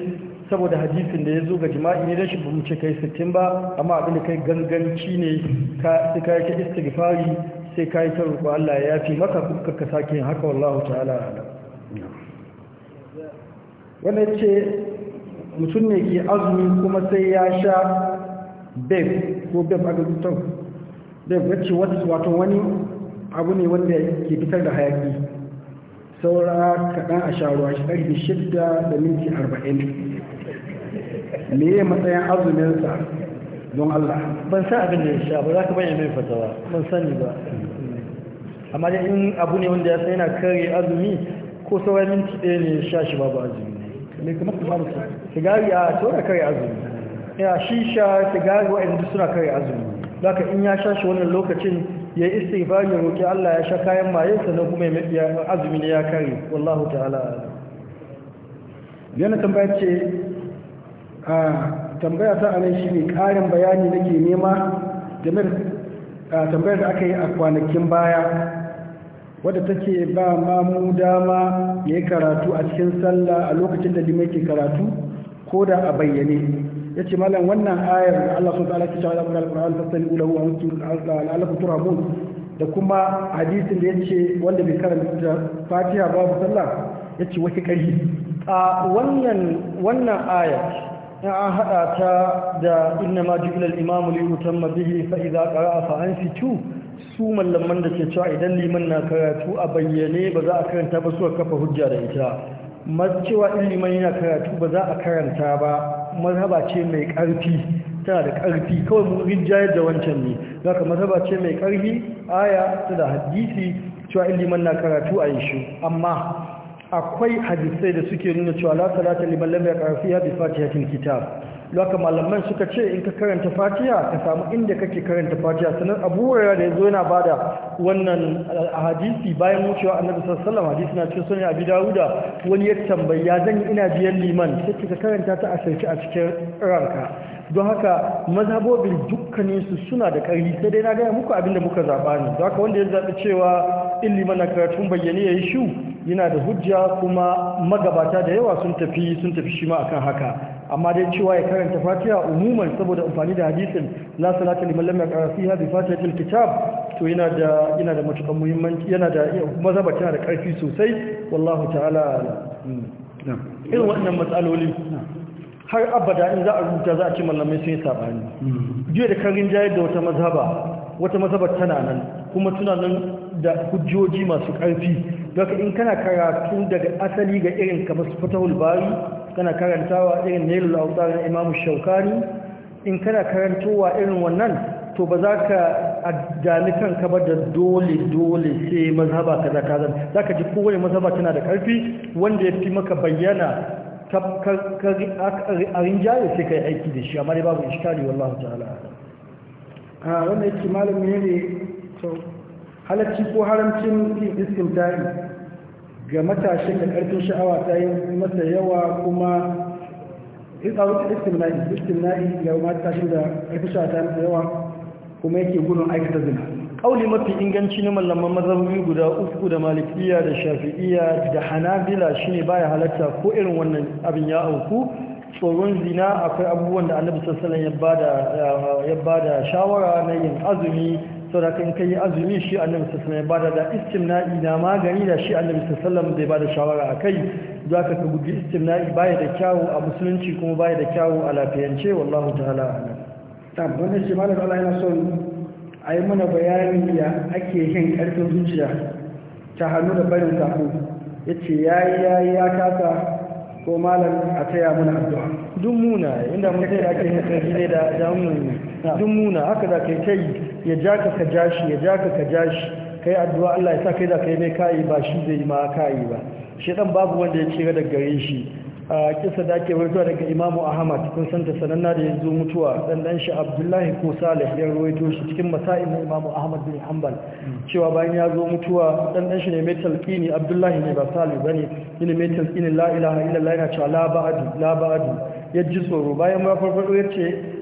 saboda hadisin da ya zo ga jima'i ne shi ba mu ce ka yi sittin ba amma abin da kai ganganci ne ka sai ka yi ta istighfari sai ka yi ta roƙo Allah ya yafi maka kuka ka sake haka wallahu ta'ala wannan ce mutum ne ke azumi kuma sai ya sha bev ko bev a gajutan beb wacce wato wani abu ne wanda ke fitar da hayaki saura kaɗan a sharuwa shi ɗari shidda da minti arba'in me ya matsayin sa don Allah ban san abin da ya sha ba za ka bayyana mai fatawa ban sani ba amma da in abu ne wanda ya san yana kare azumi ko sauran minti ɗaya ne ya sha shi babu azumi ne kamar kuma sigari a tora kare azumi ya shisha sigari waɗanda suna kare azumi baka in ya sha shi wannan lokacin ya yi istighfari ya Allah ya sha kayan maye sannan kuma ya azumi ne ya kare wallahu ta'ala yana tambaya ce a tambaya ta anan shine karin bayani nake nema game da tambayar da aka yi a kwanakin baya wadda take ba mamu dama ya yi karatu a cikin sallah a lokacin da limai ke karatu ko da a bayyane yace malam wannan ayar da Allah subhanahu wa ta'ala ke cewa da Al-Qur'an fastami'u lahu wa antum la'allakum turhamun da kuma hadisin da yace wanda bai karanta Fatiha babu sallah yace wata kari a wannan wannan ayar in an hada ta da inna ma ju'ila al-imamu li yutamma bihi fa idza qara'a fa ansitu su mallaman da ke cewa idan liman na karatu a bayyane ba za a karanta ba su kafa hujja da ita cewa in liman yana karatu ba za a karanta ba mazhaba ce mai ƙarfi tana da ƙarfi kawai mun rinjayar da wancan ne za ka mazhaba ce mai ƙarfi aya ta da hadisi cewa in na karatu a yi amma akwai hadisai da suke nuna cewa la salata liman lam yaqra fiha bi fatihatil kitab Laka malaman suka ce in ka karanta fatiya ka samu inda kake karanta fatiya sannan abu hurairah da zo yana bada wannan hadisi bayan wucewa annabi sallallahu alaihi wasallam hadisi na cikin sunan abi dauda wani ya tambayi ya zan ina biyan liman sai ka karanta ta a sarki a cikin ranka don haka mazhabobin dukkanin su suna da ƙarfi sai dai na gaya muku abin da muka zaɓa ne don haka wanda ya zaɓi cewa liman na karatun bayyane ya yi shu yana da hujja kuma magabata da yawa sun tafi sun tafi shi akan haka amma dai cewa ya karanta fatiha umuman saboda amfani da hadisin la salata liman lam yaqra fiha bi fatihatil kitab to yana da yana da matukan muhimmanci yana da ba tana da karfi sosai wallahi ta'ala irin wannan matsaloli har abada in za a rubuta za a ce mallamai sun yi sabani mm-hmm. jiya da kan jayar da wata mazhaba wata mazhaba tana nan kuma tana nan da hujjoji masu karfi daga in kana karatu daga asali ga irin kamar su fatahul bari kana karantawa irin nailul autar na Imam shaukani in kana karantowa irin wannan to ba za ka dami kanka ba da dole dole sai mazhaba kaza zan za ka ji kowane mazhaba tana da karfi wanda ya fi maka bayyana a rinjaye sai ka yi aiki da shi amma dai babu iskari wallahu ta'ala a ah, wanda yake malam ne ne halarci ko haramcin iskin ga matashin da ƙarfin sha'awa ta yi masa yawa kuma istimna'i istimna'i ga matashin da ƙarfin sha'awa ta yi masa yawa kuma yake gudun aikata zina ƙauli mafi inganci na mallaman mazhabi guda uku da malikiya da shafi'iya da hanabila ne baya halatta ko irin wannan abin ya auku tsoron zina akwai abubuwan da annabi sallallahu ya ba ya bada shawara na yin azumi saboda kan kai azumi shi annabi sallallahu alaihi wasallam da istimna'i na magani da shi annabi sallallahu alaihi wasallam zai bada shawara akai zaka ka guji istimna'i baya da kyawu a musulunci kuma baya da kyawu a lafiyance wallahu ta'ala a'lam tabbana shi malaka Allah yana son ayi mana bayani ya ake yin karfin zuciya ta hannu da barin sako yace yayi yayi ya kasa ko malam a taya mana addu'a duk muna inda mun sai ake yin karfi ne da jami'in duk muna haka da kai kai ya ja ka ka ja shi ya ja ka ka ja shi kai addu'a Allah ya sa kai da kai mai kai ba shi zai ma kai ba shi dan babu wanda ya ga daga gare shi a kisa da ake rawaito daga Imam Ahmad kun san ta sananna da yanzu mutuwa dan dan shi Abdullahi ko Salih ya rawaito shi cikin masa'in na Imam Ahmad bin Hanbal cewa bayan ya zo mutuwa dan dan shi ne mai talqini Abdullahi ne ba Salih bane ne mai talqini la ilaha illallah yana cewa la ba'du la ba'du ya ji tsoro bayan ma farfado ya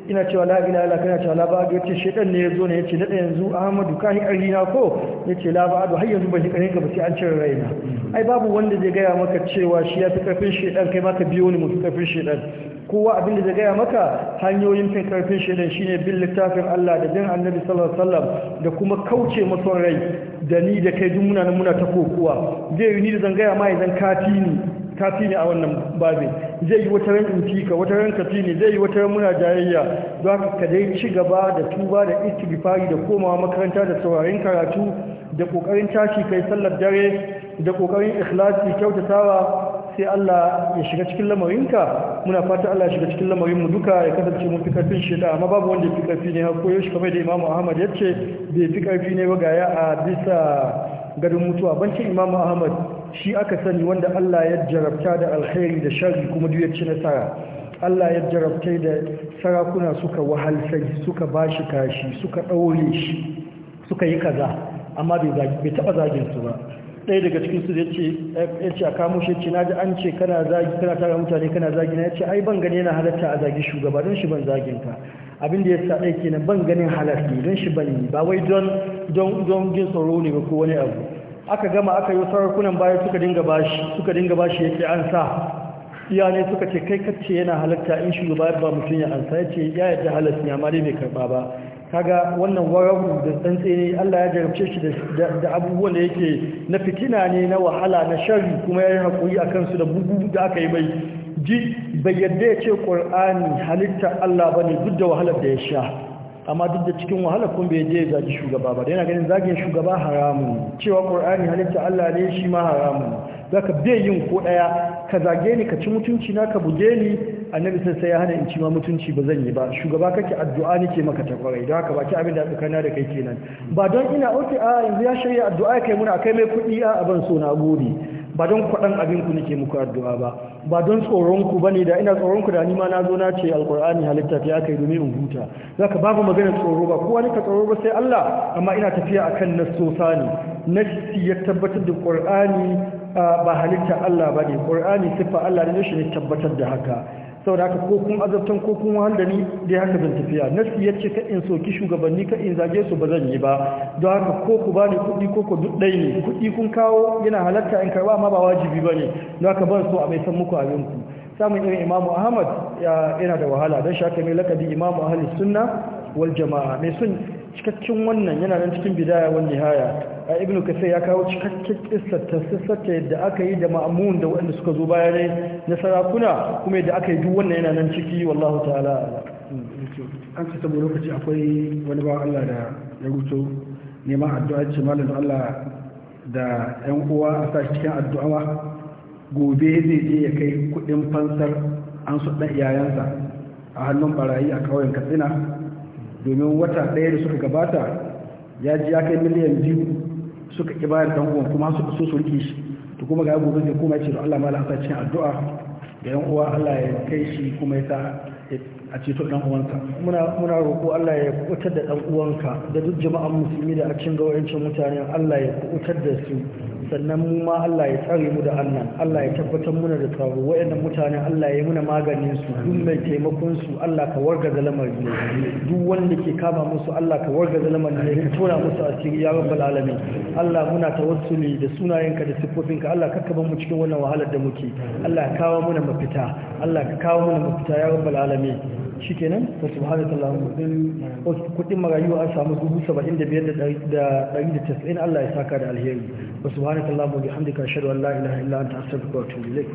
ina cewa la ila ila kana cewa la ba ga yace shedan ne yazo ne yace na da yanzu Ahmadu ka ƙarfi na ko yace la ba har yanzu ban shi ƙarfin ka ba sai an cire raina ai babu wanda zai gaya maka cewa shi ya fi ƙarfin shedan kai ma ka biyo ni mu fi ƙarfin shedan kowa abin da zai gaya maka hanyoyin fin karfin shedan shine bin littafin Allah da bin annabi sallallahu alaihi wasallam da kuma kauce mason rai da ni da kai duk muna nan muna ta kokuwa zai yi ni da zan gaya ma idan kati ni kafi ne a wannan babin zai yi wata ran in ka wata ran ne zai yi wata ran muna jayayya don haka ka dai ci gaba da tuba da istighfari da komawa makaranta da sauraron karatu da kokarin tashi kai sallar dare da kokarin ikhlasi kyautatawa sai Allah ya shiga cikin lamarinka muna fata Allah ya shiga cikin lamarin mu duka ya kasance mun fi karfin shida amma babu wanda ya fi karfi ne har koyo shi kamar da Imam Ahmad yace bai fi karfi ne ba ga ya a bisa garin mutuwa bancin Imam Ahmad shi aka sani wanda Allah ya jarabta da alkhairi da sharri kuma duk ya ci nasara Allah ya jarabta da sarakuna suka wahalsai suka bashi kashi suka daure shi suka yi kaza amma bai taba zagin su ba ɗaya daga cikin su ya ce a kamo shi ce naji an ce kana zagi kana tara mutane kana zagi na ya ce ai ban gani yana halatta a zagi shugaba don shi ban zagin ka abin da ya sa ɗaya kenan ban ganin halarci don shi ban yi ba wai don don jin tsoro ne ba ko wani abu aka gama aka yi sarakunan baya suka dinga bashi suka dinga bashi yake an sa iyane suka ce kai kacce yana halatta in shugaba ba mutum ya ansa ya ce ya yadda halatta ya mare dai bai karba ba kaga wannan warabu da tsantsi ne Allah ya jarabce shi da abubuwan da yake na fitina ne na wahala na sharri kuma ya yi haƙuri a kansu da bugu da aka yi bai. ji bai yadda ya ce ƙur'ani halitta Allah ba ne duk da wahalar da ya sha amma duk da cikin wahala kun bai je zagi shugaba ba yana ganin zagin shugaba haramun cewa qur'ani halitta Allah ne shi ma haramun zaka bai yin ko daya ka zage ni ka ci mutunci na ka buge ni annabi sai sai ya hana in ci ma mutunci ba zan yi ba shugaba kake addu'a ke maka ta kwarai don haka ki abin da kana da kai kenan ba don ina oke a yanzu ya shirya addu'a kai muna kai mai kuɗi a ban so na gode ba don kwaɗan abinku nake muku addu'a ba ba don tsoronku ba ne da ina tsoronku da nima na zo na ce alkur'ani halitta ta ya kai domin in huta za ka babu maganar tsoro ba kowa ne ka tsoro ba sai Allah amma ina tafiya a kan nasosa ne nasi ya tabbatar da ƙur'ani ah, ba halitta Allah ba ne ƙur'ani siffa Allah ne shi ne tabbatar da haka saboda haka ko kun azabtan ko kun wahal da ni dai haka zan tafiya nasi ya ce ka in soki shugabanni ka in zage su ba zan yi ba don haka ko ku ba ni kuɗi ko ku duk ɗai ne kuɗi kun kawo yana halatta in karɓa amma ba wajibi ba ne don haka ban so a mai san muku abin ku samun irin imamu ahmad yana da wahala don shaka mai lakabi imamu ahalis sunna wal jama'a mai sun cikakken wannan yana nan cikin bidaya wani nihaya a ibnu kasai ya kawo cikakken kissar ta sassata yadda aka yi da ma'amun da waɗanda suka zo baya ne na sarakuna kuma yadda aka yi duk wannan yana nan ciki wallahu ta'ala hmm, an ce saboda lokaci akwai wani ba Allah da ya ruto neman addu'a ce malam Allah da yan uwa a sa cikin addu'a gobe zai je ya kai kuɗin fansar an su ɗan iyayensa a hannun barayi a kauyen Katsina domin wata ɗaya da suka gabata ya ji ya kai miliyan biyu suka ƙi bayar da kuma suka so su shi to kuma ga gobe zai kuma ya ce da Allah mala cikin addu'a da yan uwa Allah ya kai shi kuma ya sa a ceto ɗan uwanka muna roƙo Allah ya kuɓutar da ɗan uwanka da duk jama'an musulmi da a cin gawayancin mutane Allah ya kuɓutar da su sannan mu ma Allah ya tsare mu da annan Allah ya tabbatar muna da tsaro waɗannan mutane Allah ya yi muna maganin su duk mai taimakon su Allah ka warga lamarin ne duk wanda ke kama musu Allah ka warga lamarin ne ka tona musu asiri ya rabbal alamin Allah muna tawassuli da sunayenka da siffofinka Allah ka kaba mu cikin wannan wahalar da muke Allah ka kawo muna mafita Allah ka kawo muna mafita ya rabbal alamin alamin shikenan wa subhanaka allahumma wasu kudin marayu an samu dubu saba'in da da da biyar tasirin Allah ya saka da alheri wa subhanaka allahumma bihamdika ashhadu an la ilaha illa anta astaghfiruka wa atubu ilaik